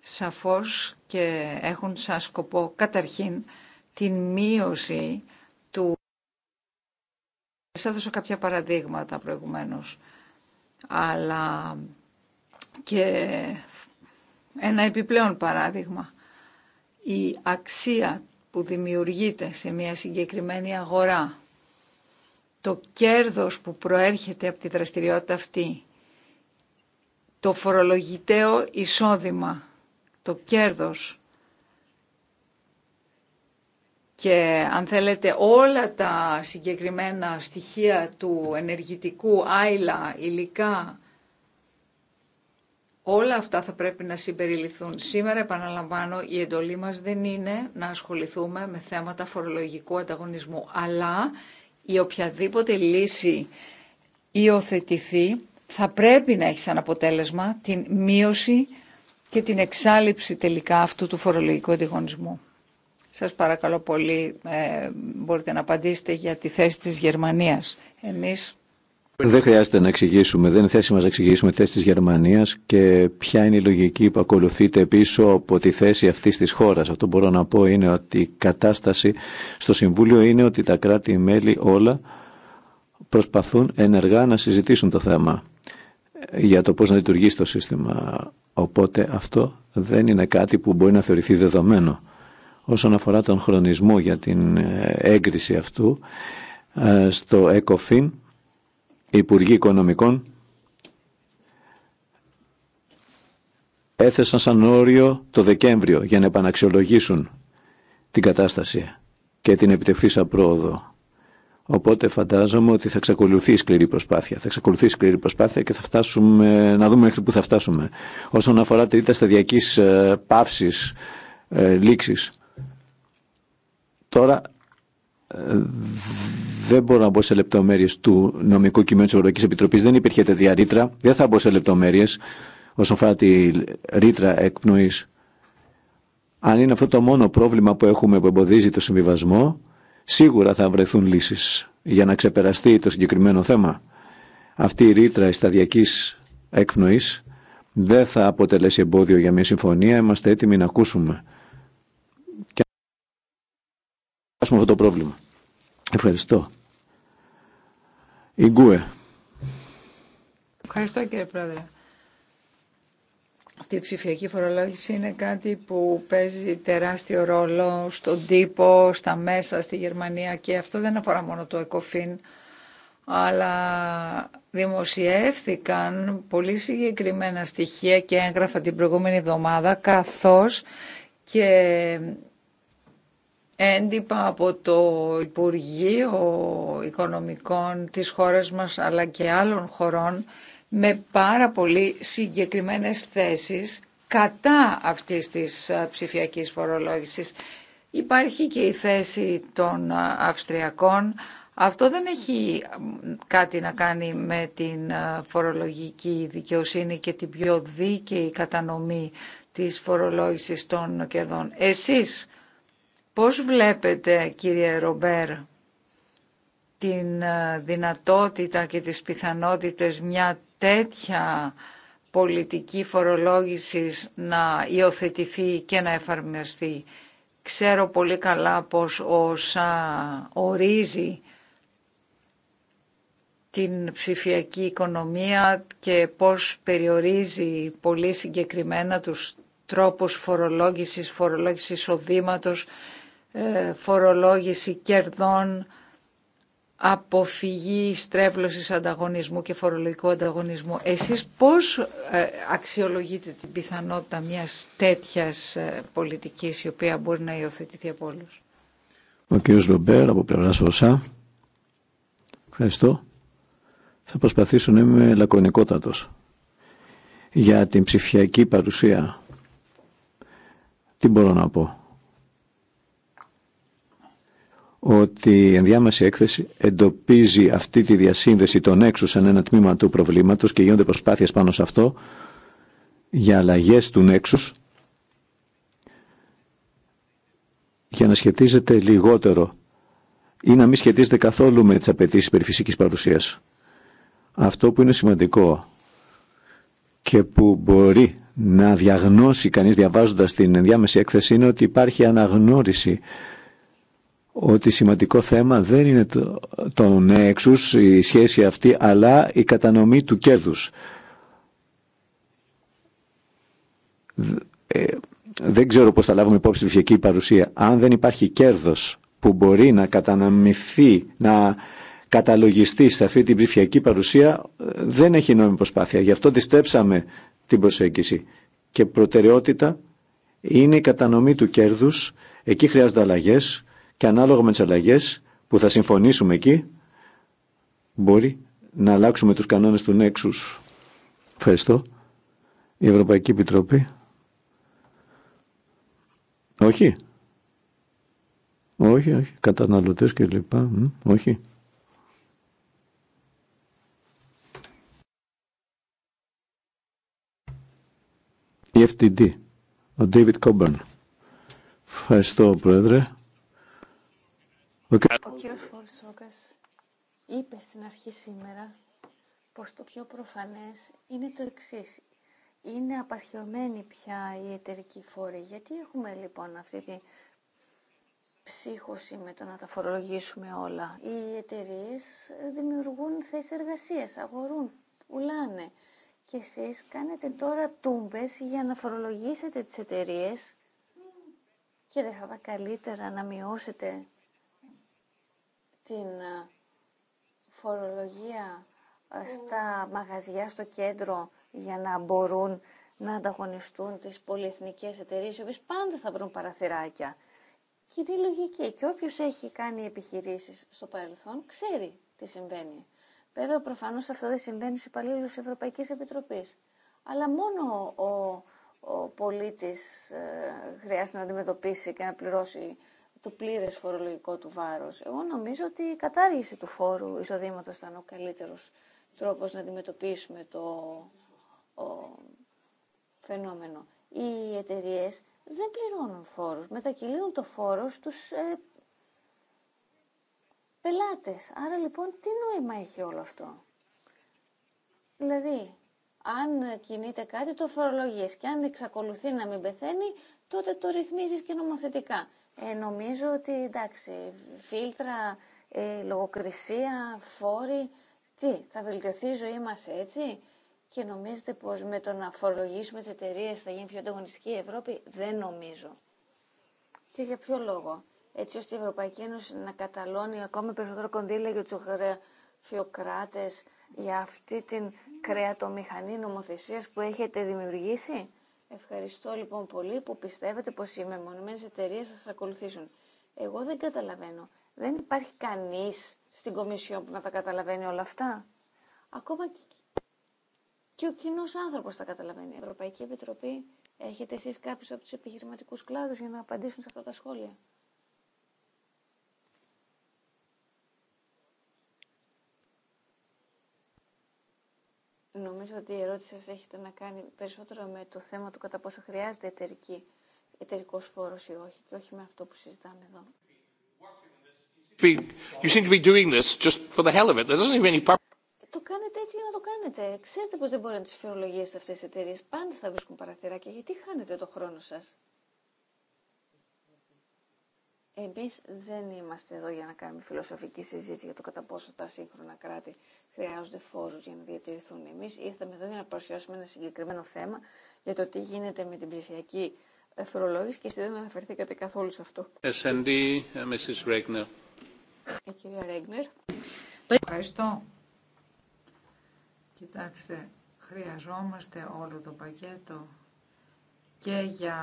S3: σαφώς και έχουν σαν σκοπό καταρχήν την μείωση του... Σας έδωσα κάποια παραδείγματα προηγουμένως, αλλά και ένα επιπλέον παράδειγμα. Η αξία που δημιουργείται σε μια συγκεκριμένη αγορά, το κέρδος που προέρχεται από τη δραστηριότητα αυτή, το φορολογητέο εισόδημα, το κέρδος και αν θέλετε όλα τα συγκεκριμένα στοιχεία του ενεργητικού, άιλα, υλικά, Όλα αυτά θα πρέπει να συμπεριληφθούν. Σήμερα, επαναλαμβάνω, η εντολή μας δεν είναι να ασχοληθούμε με θέματα φορολογικού ανταγωνισμού, αλλά η οποιαδήποτε λύση υιοθετηθεί θα πρέπει να έχει σαν αποτέλεσμα την μείωση και την εξάλληψη τελικά αυτού του φορολογικού ανταγωνισμού. Σας παρακαλώ πολύ, ε, μπορείτε να απαντήσετε για τη θέση της Γερμανίας. Εμείς
S1: δεν χρειάζεται να εξηγήσουμε, δεν είναι θέση μας να εξηγήσουμε τη θέση της Γερμανίας και ποια είναι η λογική που ακολουθείται πίσω από τη θέση αυτή της χώρας. Αυτό μπορώ να πω είναι ότι η κατάσταση στο Συμβούλιο είναι ότι τα κράτη-μέλη όλα προσπαθούν ενεργά να συζητήσουν το θέμα για το πώς να λειτουργήσει το σύστημα. Οπότε αυτό δεν είναι κάτι που μπορεί να θεωρηθεί δεδομένο. Όσον αφορά τον χρονισμό για την ε, έγκριση αυτού, ε, στο ECOFIN Υπουργοί Οικονομικών έθεσαν σαν όριο το Δεκέμβριο για να επαναξιολογήσουν την κατάσταση και την επιτευχθήσα πρόοδο. Οπότε φαντάζομαι ότι θα εξακολουθεί η σκληρή προσπάθεια. Θα εξακολουθεί η σκληρή προσπάθεια και θα φτάσουμε, να δούμε μέχρι πού θα φτάσουμε. Όσον αφορά τη ρήτα σταδιακή ε, παύση, ε, λήξη. Τώρα δεν μπορώ να μπω σε λεπτομέρειε του νομικού κειμένου τη Ευρωπαϊκή Επιτροπή. Δεν υπήρχε τέτοια ρήτρα. Δεν θα μπω σε λεπτομέρειε όσον αφορά τη ρήτρα εκπνοή. Αν είναι αυτό το μόνο πρόβλημα που έχουμε που εμποδίζει το συμβιβασμό, σίγουρα θα βρεθούν λύσει για να ξεπεραστεί το συγκεκριμένο θέμα. Αυτή η ρήτρα σταδιακή εκπνοή δεν θα αποτελέσει εμπόδιο για μια συμφωνία. Είμαστε έτοιμοι να ακούσουμε ξεπεράσουμε αυτό το πρόβλημα. Ευχαριστώ. Η Γκουε.
S3: Ευχαριστώ κύριε Πρόεδρε. Αυτή η ψηφιακή φορολόγηση είναι κάτι που παίζει τεράστιο ρόλο στον τύπο, στα μέσα, στη Γερμανία και αυτό δεν αφορά μόνο το ΕΚΟΦΗΝ, αλλά δημοσιεύθηκαν πολύ συγκεκριμένα στοιχεία και έγγραφα την προηγούμενη εβδομάδα καθώς και έντυπα από το Υπουργείο Οικονομικών της χώρας μας αλλά και άλλων χωρών με πάρα πολύ συγκεκριμένες θέσεις κατά αυτής της ε, ψηφιακής φορολόγησης. Υπάρχει και η θέση των ε, Αυστριακών. Αυτό δεν έχει κάτι να κάνει με την ε, φορολογική δικαιοσύνη και την πιο δίκαιη κατανομή της φορολόγησης των κερδών. Εσείς Πώς βλέπετε, κύριε Ρομπέρ, την ε, δυνατότητα και τις πιθανότητες μια τέτοια πολιτική φορολόγησης να υιοθετηθεί και να εφαρμοστεί. Ξέρω πολύ καλά πως όσα ορίζει την ψηφιακή οικονομία και πώς περιορίζει πολύ συγκεκριμένα τους τρόπους φορολόγησης, φορολόγησης οδήματος, ε, φορολόγηση κερδών, αποφυγή στρέβλωσης ανταγωνισμού και φορολογικού ανταγωνισμού. Εσείς πώς ε, αξιολογείτε την πιθανότητα μιας τέτοιας ε, πολιτικής η οποία μπορεί να υιοθετηθεί από όλους.
S1: Ο κ. Ρομπέρ από πλευρά ΣΟΣΑ. Ευχαριστώ. Θα προσπαθήσω να είμαι λακωνικότατος για την ψηφιακή παρουσία. Τι μπορώ να πω ότι η ενδιάμεση έκθεση εντοπίζει αυτή τη διασύνδεση των έξω σαν ένα τμήμα του προβλήματος και γίνονται προσπάθειες πάνω σε αυτό για αλλαγές του έξω για να σχετίζεται λιγότερο ή να μην σχετίζεται καθόλου με τις απαιτήσει περί φυσικής παρουσίας. Αυτό που είναι σημαντικό και που μπορεί να διαγνώσει κανείς διαβάζοντας την ενδιάμεση έκθεση είναι ότι υπάρχει αναγνώριση ότι σημαντικό θέμα δεν είναι το, το έξους, η σχέση αυτή, αλλά η κατανομή του κέρδους. Ε, δεν ξέρω πώς θα λάβουμε υπόψη τη παρουσία. Αν δεν υπάρχει κέρδος που μπορεί να καταναμηθεί, να καταλογιστεί σε αυτή την ψηφιακή παρουσία, δεν έχει νόμιμη προσπάθεια. Γι' αυτό διστέψαμε την προσέγγιση. Και προτεραιότητα είναι η κατανομή του κέρδους. Εκεί χρειάζονται αλλαγές και ανάλογα με τι αλλαγέ που θα συμφωνήσουμε εκεί μπορεί να αλλάξουμε τους κανόνες του Νέξους. Ευχαριστώ. Η Ευρωπαϊκή Επιτροπή. Όχι. Όχι, όχι. Καταναλωτές και λοιπά. Όχι. Η FTD. Ο David Coburn. Ευχαριστώ, Πρόεδρε. Ο
S2: κ. Φορσόκας είπε στην αρχή σήμερα πως το πιο προφανές είναι το εξή. Είναι απαρχαιωμένη πια η εταιρική φόρη. Γιατί έχουμε λοιπόν αυτή τη ψύχωση με το να τα φορολογήσουμε όλα. Οι εταιρείε δημιουργούν θέσεις εργασίας, αγορούν, πουλάνε. Και εσείς κάνετε τώρα τούμπες για να φορολογήσετε τις εταιρείε και δεν θα ήταν καλύτερα να μειώσετε την ε, φορολογία ε, ναι. στα μαγαζιά, στο κέντρο, για να μπορούν να ανταγωνιστούν τις πολυεθνικές εταιρείες, οι οποίες πάντα θα βρουν παραθυράκια. Και είναι λογική. Και όποιος έχει κάνει επιχειρήσεις στο παρελθόν, ξέρει τι συμβαίνει. Βέβαια, προφανώς αυτό δεν συμβαίνει στους υπαλλήλους της Ευρωπαϊκής Επιτροπής. Αλλά μόνο ο, ο πολίτης ε, χρειάζεται να αντιμετωπίσει και να πληρώσει το πλήρε φορολογικό του βάρο. Εγώ νομίζω ότι η κατάργηση του φόρου εισοδήματο ήταν ο καλύτερος τρόπος να αντιμετωπίσουμε το φαινόμενο. Οι εταιρείε δεν πληρώνουν φόρους, μετακυλίουν το φόρο στους ε, πελάτες. Άρα λοιπόν τι νόημα έχει όλο αυτό. Δηλαδή, αν κινείται κάτι το φορολογίες και αν εξακολουθεί να μην πεθαίνει, τότε το ρυθμίζεις και νομοθετικά. Ε, νομίζω ότι εντάξει, φίλτρα, ε, λογοκρισία, φόροι, τι, θα βελτιωθεί η ζωή μας έτσι και νομίζετε πως με το να φορολογήσουμε τις εταιρείε θα γίνει πιο ανταγωνιστική η Ευρώπη, δεν νομίζω. Και για ποιο λόγο, έτσι ώστε η Ευρωπαϊκή Ένωση να καταλώνει ακόμα περισσότερο κονδύλια για τους χρεοκράτες, για αυτή την κρεατομηχανή νομοθεσίας που έχετε δημιουργήσει. Ευχαριστώ λοιπόν πολύ που πιστεύετε πως οι μεμονωμένες εταιρείε θα σας ακολουθήσουν. Εγώ δεν καταλαβαίνω. Δεν υπάρχει κανείς στην Κομισιόν που να τα καταλαβαίνει όλα αυτά. Ακόμα και, ο κοινό άνθρωπος τα καταλαβαίνει. Η Ευρωπαϊκή Επιτροπή, έχετε εσείς κάποιους από τους επιχειρηματικούς κλάδους για να απαντήσουν σε αυτά τα σχόλια. Νομίζω ότι η ερώτηση σας έχετε να κάνει περισσότερο με το θέμα του κατά πόσο χρειάζεται εταιρική, εταιρικός φόρος ή όχι και όχι με αυτό που συζητάμε εδώ. το κάνετε έτσι για να το κάνετε. Ξέρετε πως δεν μπορεί να τις σε αυτές τις εταιρείε. Πάντα θα βρίσκουν παραθυράκια. Γιατί χάνετε το χρόνο σας. Εμείς δεν είμαστε εδώ για να κάνουμε φιλοσοφική συζήτηση για το κατά πόσο τα σύγχρονα κράτη χρειάζονται φόρους για να διατηρηθούν. Εμείς ήρθαμε εδώ για να παρουσιάσουμε ένα συγκεκριμένο θέμα για το τι γίνεται με την ψηφιακή φορολόγηση και εσεί δεν αναφερθήκατε καθόλου σε αυτό. SND,
S1: Mrs. Regner.
S2: Ε, κυρία Ρέγνερ.
S3: Ευχαριστώ. Κοιτάξτε, χρειαζόμαστε όλο το πακέτο και για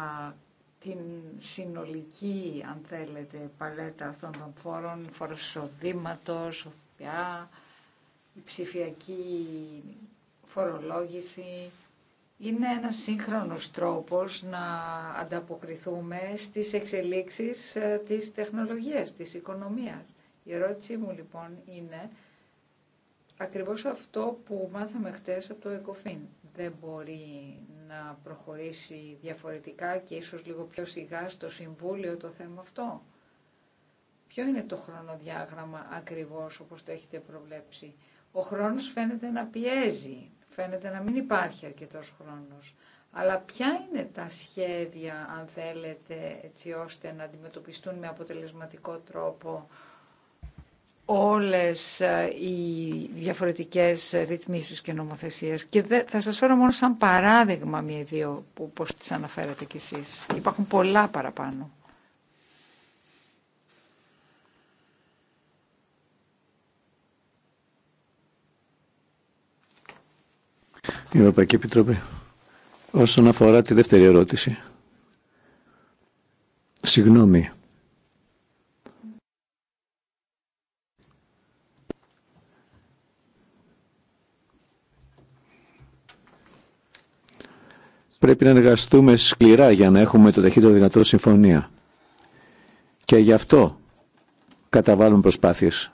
S3: την συνολική, αν θέλετε, παλέτα αυτών των φόρων, φοροσοδήματος, εισοδήματος, η ψηφιακή φορολόγηση. Είναι ένα σύγχρονος τρόπος να ανταποκριθούμε στις εξελίξεις ε, της τεχνολογίας, της οικονομίας. Η ερώτησή μου λοιπόν είναι ακριβώς αυτό που μάθαμε χτες από το ΕΚΟΦΗΝ. Δεν μπορεί να προχωρήσει διαφορετικά και ίσως λίγο πιο σιγά στο Συμβούλιο το θέμα αυτό. Ποιο είναι το χρονοδιάγραμμα ακριβώς όπως το έχετε προβλέψει. Ο χρόνος φαίνεται να πιέζει, φαίνεται να μην υπάρχει αρκετός χρόνος. Αλλά ποια είναι τα σχέδια, αν θέλετε, έτσι ώστε να αντιμετωπιστούν με αποτελεσματικό τρόπο όλες ε, οι διαφορετικές ρυθμίσεις και νομοθεσίες. Και θα σας φέρω μόνο σαν παράδειγμα μία ή δύο που πώς τις αναφέρατε κι εσείς. Υπάρχουν πολλά παραπάνω.
S1: Η Ευρωπαϊκή Επιτροπή. Όσον αφορά τη δεύτερη ερώτηση. Συγγνώμη. πρέπει να εργαστούμε σκληρά για να έχουμε το ταχύτερο δυνατό συμφωνία. Και γι' αυτό καταβάλουν προσπάθειες.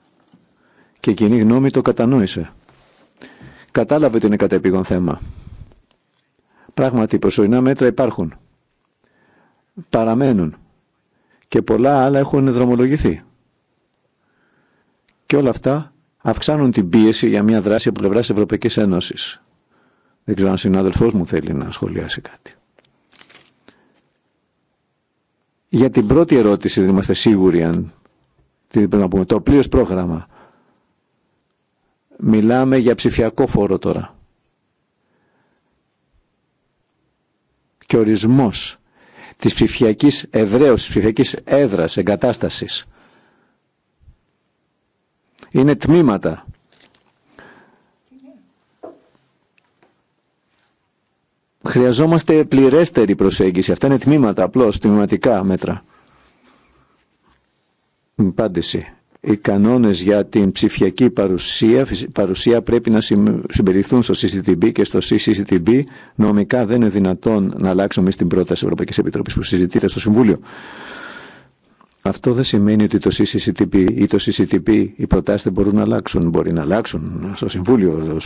S1: Και η κοινή γνώμη το κατανόησε. Κατάλαβε ότι είναι κατεπήγον θέμα. Πράγματι, προσωρινά μέτρα υπάρχουν. Παραμένουν. Και πολλά άλλα έχουν δρομολογηθεί. Και όλα αυτά αυξάνουν την πίεση για μια δράση από πλευρά Ευρωπαϊκή Ένωση. Δεν ξέρω αν συνάδελφός μου θέλει να σχολιάσει κάτι. Για την πρώτη ερώτηση δεν είμαστε σίγουροι αν τι πρέπει να πούμε. Το πλήρως πρόγραμμα. Μιλάμε για ψηφιακό φόρο τώρα. Και ορισμός της ψηφιακής εδραίωσης, της ψηφιακής έδρας, εγκατάστασης. Είναι τμήματα Χρειαζόμαστε πληρέστερη προσέγγιση. Αυτά είναι τμήματα, απλώ τμηματικά μέτρα. Πάντηση. Οι κανόνε για την ψηφιακή παρουσία, παρουσία πρέπει να συμπεριθούν στο CCTB και στο CCTB νομικά δεν είναι δυνατόν να αλλάξουμε στην πρόταση Ευρωπαϊκή Επιτροπή που συζητείται στο Συμβούλιο. Αυτό δεν σημαίνει ότι το CCTB ή το CCTB οι προτάσει δεν μπορούν να αλλάξουν. Μπορεί να αλλάξουν στο Συμβούλιο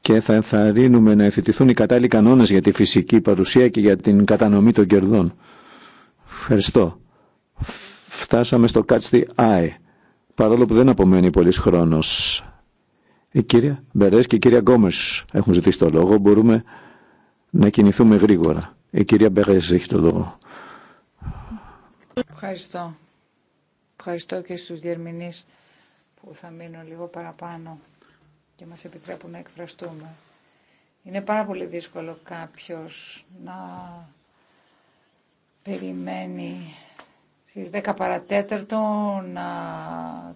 S1: και θα ενθαρρύνουμε να εφητηθούν οι κατάλληλοι κανόνες για τη φυσική παρουσία και για την κατανομή των κερδών. Ευχαριστώ. Φτάσαμε στο Catch the Eye, παρόλο που δεν απομένει πολύς χρόνος. Η κυρία Μπερές και η κυρία Γκόμες έχουν ζητήσει το λόγο. Μπορούμε να κινηθούμε γρήγορα. Η κυρία Μπερές έχει το λόγο.
S3: Ευχαριστώ. Ευχαριστώ και στους διερμηνείς που θα μείνω λίγο παραπάνω και μας επιτρέπουν να εκφραστούμε. Είναι πάρα πολύ δύσκολο κάποιος να περιμένει στις 10 παρατέταρτο να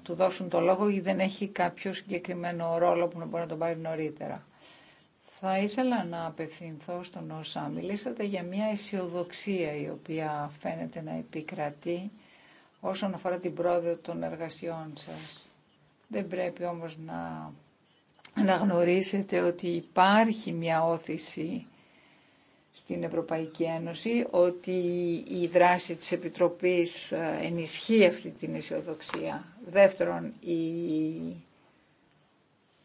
S3: του δώσουν το λόγο ή δεν έχει κάποιο συγκεκριμένο ρόλο που να μπορεί να τον πάρει νωρίτερα. Θα ήθελα να απευθυνθώ στον ΩΣΑ. Μιλήσατε για μια αισιοδοξία η οποία φαίνεται να επικρατεί όσον αφορά την πρόοδο των εργασιών σας. Δεν πρέπει όμως να να γνωρίσετε ότι υπάρχει μια όθηση στην Ευρωπαϊκή Ένωση, ότι η δράση της Επιτροπής ε, ενισχύει αυτή την αισιοδοξία. Δεύτερον, οι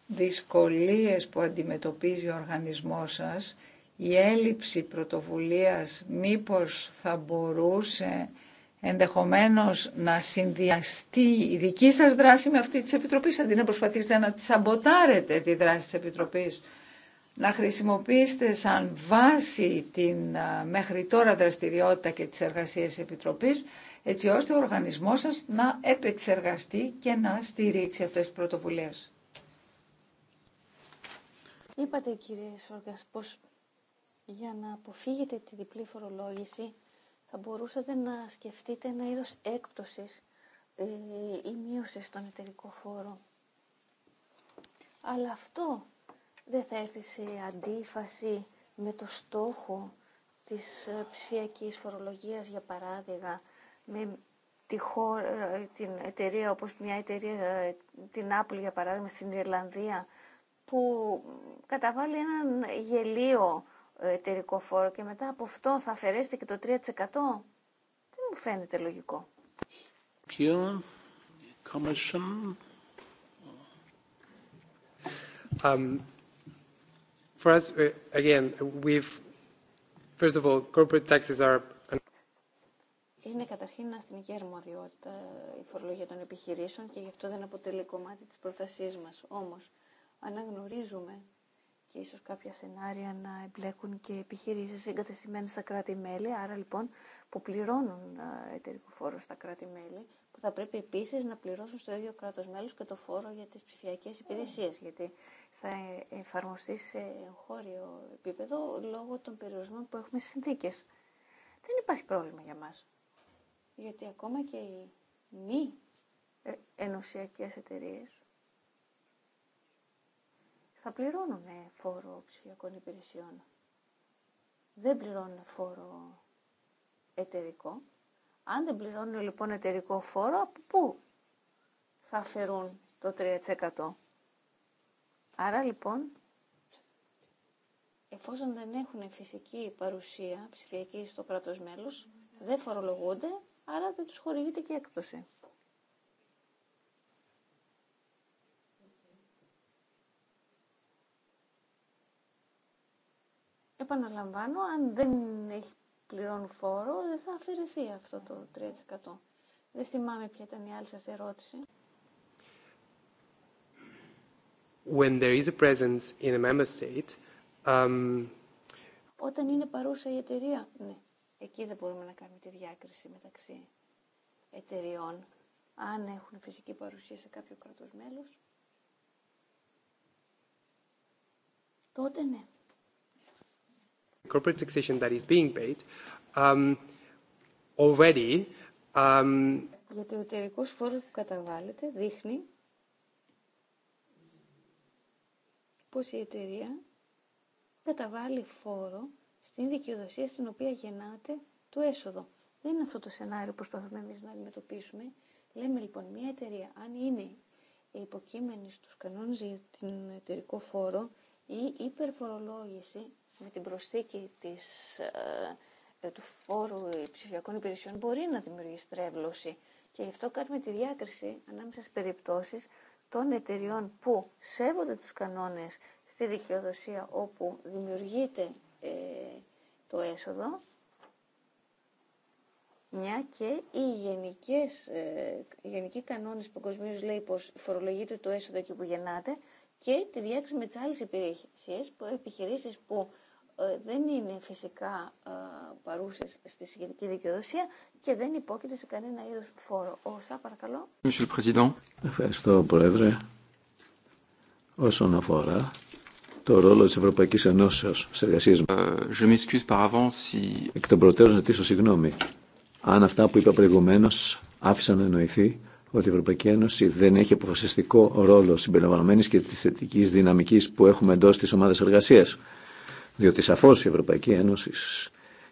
S3: δυσκολίες που αντιμετωπίζει ο οργανισμός σας, η έλλειψη πρωτοβουλίας μήπως θα μπορούσε ενδεχομένως να συνδυαστεί η δική σας δράση με αυτή της Επιτροπής, αντί να προσπαθήσετε να σαμποτάρετε τη δράση της Επιτροπής, να χρησιμοποιήσετε σαν βάση την μέχρι τώρα δραστηριότητα και τις εργασίες της Επιτροπής, έτσι ώστε ο οργανισμός σας να επεξεργαστεί και να στηρίξει αυτές τις πρωτοβουλίες.
S2: Είπατε κύριε Σόργας πως για να αποφύγετε τη διπλή φορολόγηση θα μπορούσατε να σκεφτείτε ένα είδος έκπτωσης ε, ή μείωση στον εταιρικό φόρο. Αλλά αυτό δεν θα έρθει σε αντίφαση με το στόχο της ε, ψηφιακής φορολογίας, για παράδειγμα, με τη ε, την εταιρεία, όπως μια εταιρεία, την Apple, για παράδειγμα, στην Ιρλανδία, που καταβάλει έναν γελίο ε, εταιρικό φόρο και μετά από αυτό θα αφαιρέσετε και το 3%. Δεν μου φαίνεται λογικό. Um,
S3: uh, again, we've, first of all, corporate taxes are...
S2: Είναι καταρχήν εθνική αρμοδιότητα η φορολογία των επιχειρήσεων και γι' αυτό δεν αποτελεί κομμάτι της προτασής μας. Όμως, αναγνωρίζουμε και ίσως κάποια σενάρια να εμπλέκουν και επιχειρήσεις εγκατεστημένες στα κράτη-μέλη, άρα λοιπόν που πληρώνουν ε, εταιρικό φόρο στα κράτη-μέλη, που θα πρέπει επίσης να πληρώσουν στο ίδιο κράτος μέλος και το φόρο για τις ψηφιακές υπηρεσίες, γιατί θα εφαρμοστεί σε χώριο επίπεδο λόγω των περιορισμών που έχουμε στις συνθήκες. Δεν υπάρχει πρόβλημα για μας, γιατί ακόμα και οι μη ε, ενωσιακές εταιρείες θα πληρώνουν φόρο ψηφιακών υπηρεσιών. Δεν πληρώνουν φόρο εταιρικό. Αν δεν πληρώνουν λοιπόν εταιρικό φόρο, από πού θα φερούν το 3%. Άρα λοιπόν, εφόσον δεν έχουν φυσική παρουσία ψηφιακή στο κράτος μέλος, δεν φορολογούνται, άρα δεν τους χορηγείται και έκπτωση. επαναλαμβάνω, αν δεν έχει πληρώνει φόρο, δεν θα αφαιρεθεί αυτό το 3%. Δεν θυμάμαι ποια ήταν η άλλη σας ερώτηση.
S3: When there is a presence in a member state, um,
S2: Όταν είναι παρούσα η εταιρεία, ναι. Εκεί δεν μπορούμε να κάνουμε τη διάκριση μεταξύ εταιρεών, αν έχουν φυσική παρουσία σε κάποιο κράτος μέλος. Τότε ναι corporate
S3: um, um,
S2: γιατί ο εταιρικό φόρο που καταβάλλεται δείχνει πως η εταιρεία καταβάλει φόρο στην δικαιοδοσία στην οποία γεννάται το έσοδο. Δεν είναι αυτό το σενάριο που προσπαθούμε εμείς να αντιμετωπίσουμε. Λέμε λοιπόν, μια εταιρεία, αν είναι υποκείμενη στους κανόνες για την εταιρικό φόρο, η υπερφορολόγηση με την προσθήκη της, ε, ε, του φόρου ψηφιακών υπηρεσιών μπορεί να δημιουργήσει τρέβλωση. Και γι' αυτό κάνουμε τη διάκριση ανάμεσα σε περιπτώσεις των εταιριών που σέβονται τους κανόνες στη δικαιοδοσία όπου δημιουργείται ε, το έσοδο, μια και οι γενικές, ε, οι γενικοί κανόνες λέει πως φορολογείται το έσοδο εκεί που γεννάται και τη διάκριση με τις άλλες που επιχειρήσεις που ε, δεν είναι φυσικά ε, παρούσες στη συγκεκριτική δικαιοδοσία και δεν υπόκειται σε κανένα είδο φόρο. Όσα, παρακαλώ.
S1: Ευχαριστώ, Πρόεδρε. Όσον αφορά το ρόλο της Ευρωπαϊκής Ενώσεως στις εργασίες
S3: μα. Ε, si...
S1: Εκ των προτέρων ζητήσω συγγνώμη. Αν αυτά που είπα προηγουμένω, άφησαν να εννοηθεί ότι η Ευρωπαϊκή Ένωση δεν έχει αποφασιστικό ρόλο συμπεριλαμβανομένη και τη θετική δυναμική που έχουμε εντό τη ομάδα εργασία. Διότι σαφώς η Ευρωπαϊκή Ένωση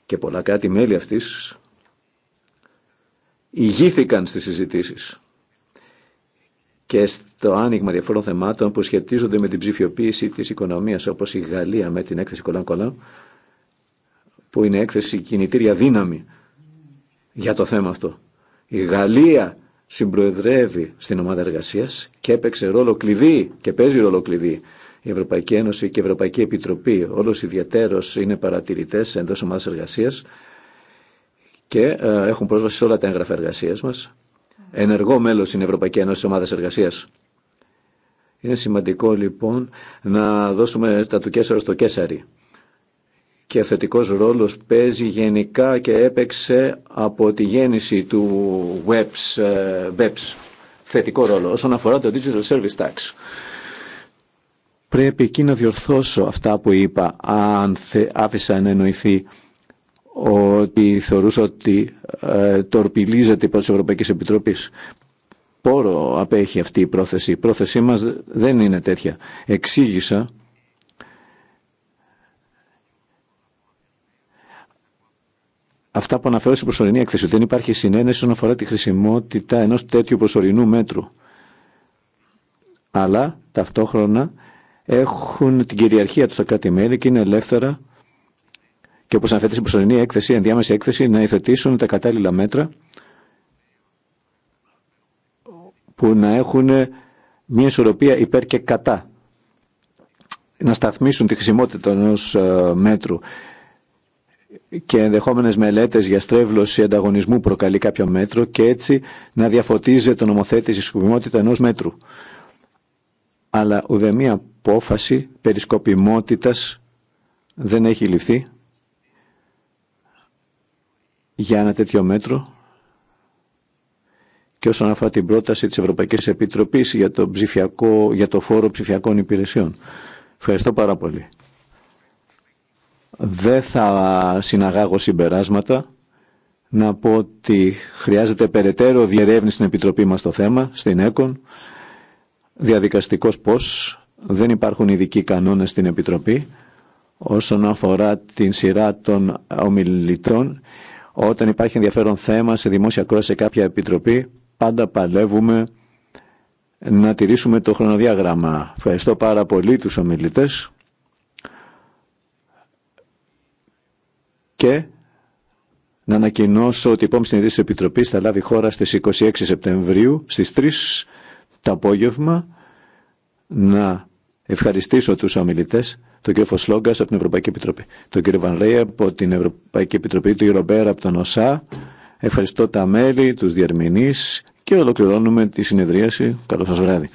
S1: και πολλα κάτι κράτη-μέλη αυτής ηγήθηκαν στις συζητήσεις και στο άνοιγμα διαφόρων θεμάτων που σχετίζονται με την ψηφιοποίηση της οικονομίας όπως η Γαλλία με την έκθεση Κολάν Κολάν που είναι έκθεση κινητήρια δύναμη για το θέμα αυτό. Η Γαλλία συμπροεδρεύει στην ομάδα εργασίας και έπαιξε ρόλο κλειδί και παίζει ρόλο κλειδί η Ευρωπαϊκή Ένωση και η Ευρωπαϊκή Επιτροπή όλος ιδιαίτερο είναι παρατηρητές εντός ομάδα εργασία και ε, έχουν πρόσβαση σε όλα τα έγγραφα εργασία μα. Ενεργό μέλο είναι η Ευρωπαϊκή Ένωση Ομάδα Εργασία. Είναι σημαντικό λοιπόν να δώσουμε τα του Κέσσαρο στο Κέσσαρι. Και θετικό ρόλο παίζει γενικά και έπαιξε από τη γέννηση του WEPS, ε, BEPS. Θετικό ρόλο όσον αφορά το Digital Service Tax. Πρέπει εκεί να διορθώσω αυτά που είπα, αν θε, άφησα να εννοηθεί ότι θεωρούσα ότι ε, τορπιλίζεται υπό της Ευρωπαϊκής Επιτροπής. Πόρο απέχει αυτή η πρόθεση. Η πρόθεσή μας δεν είναι τέτοια. Εξήγησα αυτά που αναφέρω στην προσωρινή έκθεση, ότι δεν υπάρχει συνένεση όσον αφορά τη χρησιμότητα ενός τέτοιου προσωρινού μέτρου. Αλλά ταυτόχρονα έχουν την κυριαρχία του στα κράτη-μέλη και είναι ελεύθερα και όπως αναφέρεται στην προσωρινή έκθεση, ενδιάμεση έκθεση, να υιοθετήσουν τα κατάλληλα μέτρα που να έχουν μια ισορροπία υπέρ και κατά. Να σταθμίσουν τη χρησιμότητα ενό ε, μέτρου και ενδεχόμενε μελέτε για στρέβλωση ανταγωνισμού προκαλεί κάποιο μέτρο και έτσι να διαφωτίζει το νομοθέτη η σκοπιμότητα ενό μέτρου. Αλλά ουδέμια απόφαση περισκοπιμότητας δεν έχει ληφθεί για ένα τέτοιο μέτρο και όσον αφορά την πρόταση της Ευρωπαϊκής Επιτροπής για το, ψηφιακό, για το φόρο ψηφιακών υπηρεσιών. Ευχαριστώ πάρα πολύ. Δεν θα συναγάγω συμπεράσματα. Να πω ότι χρειάζεται περαιτέρω διερεύνηση στην Επιτροπή μας το θέμα, στην ΕΚΟΝ. Διαδικαστικός πώς δεν υπάρχουν ειδικοί κανόνες στην Επιτροπή όσον αφορά την σειρά των ομιλητών. Όταν υπάρχει ενδιαφέρον θέμα σε δημόσια κρόση σε κάποια επιτροπή, πάντα παλεύουμε να τηρήσουμε το χρονοδιάγραμμα. Ευχαριστώ πάρα πολύ τους ομιλητές και να ανακοινώσω ότι η επόμενη συνειδητή της Επιτροπής θα λάβει χώρα στις 26 Σεπτεμβρίου στις 3 το απόγευμα να ευχαριστήσω τους ομιλητές, τον κύριο Φωσλόγκας από την Ευρωπαϊκή Επιτροπή, τον κύριο Βανρέη από την Ευρωπαϊκή Επιτροπή, του Ρομπέρα από τον ΟΣΑ. Ευχαριστώ τα μέλη, τους διερμηνείς και ολοκληρώνουμε τη συνεδρίαση. Καλό σας βράδυ.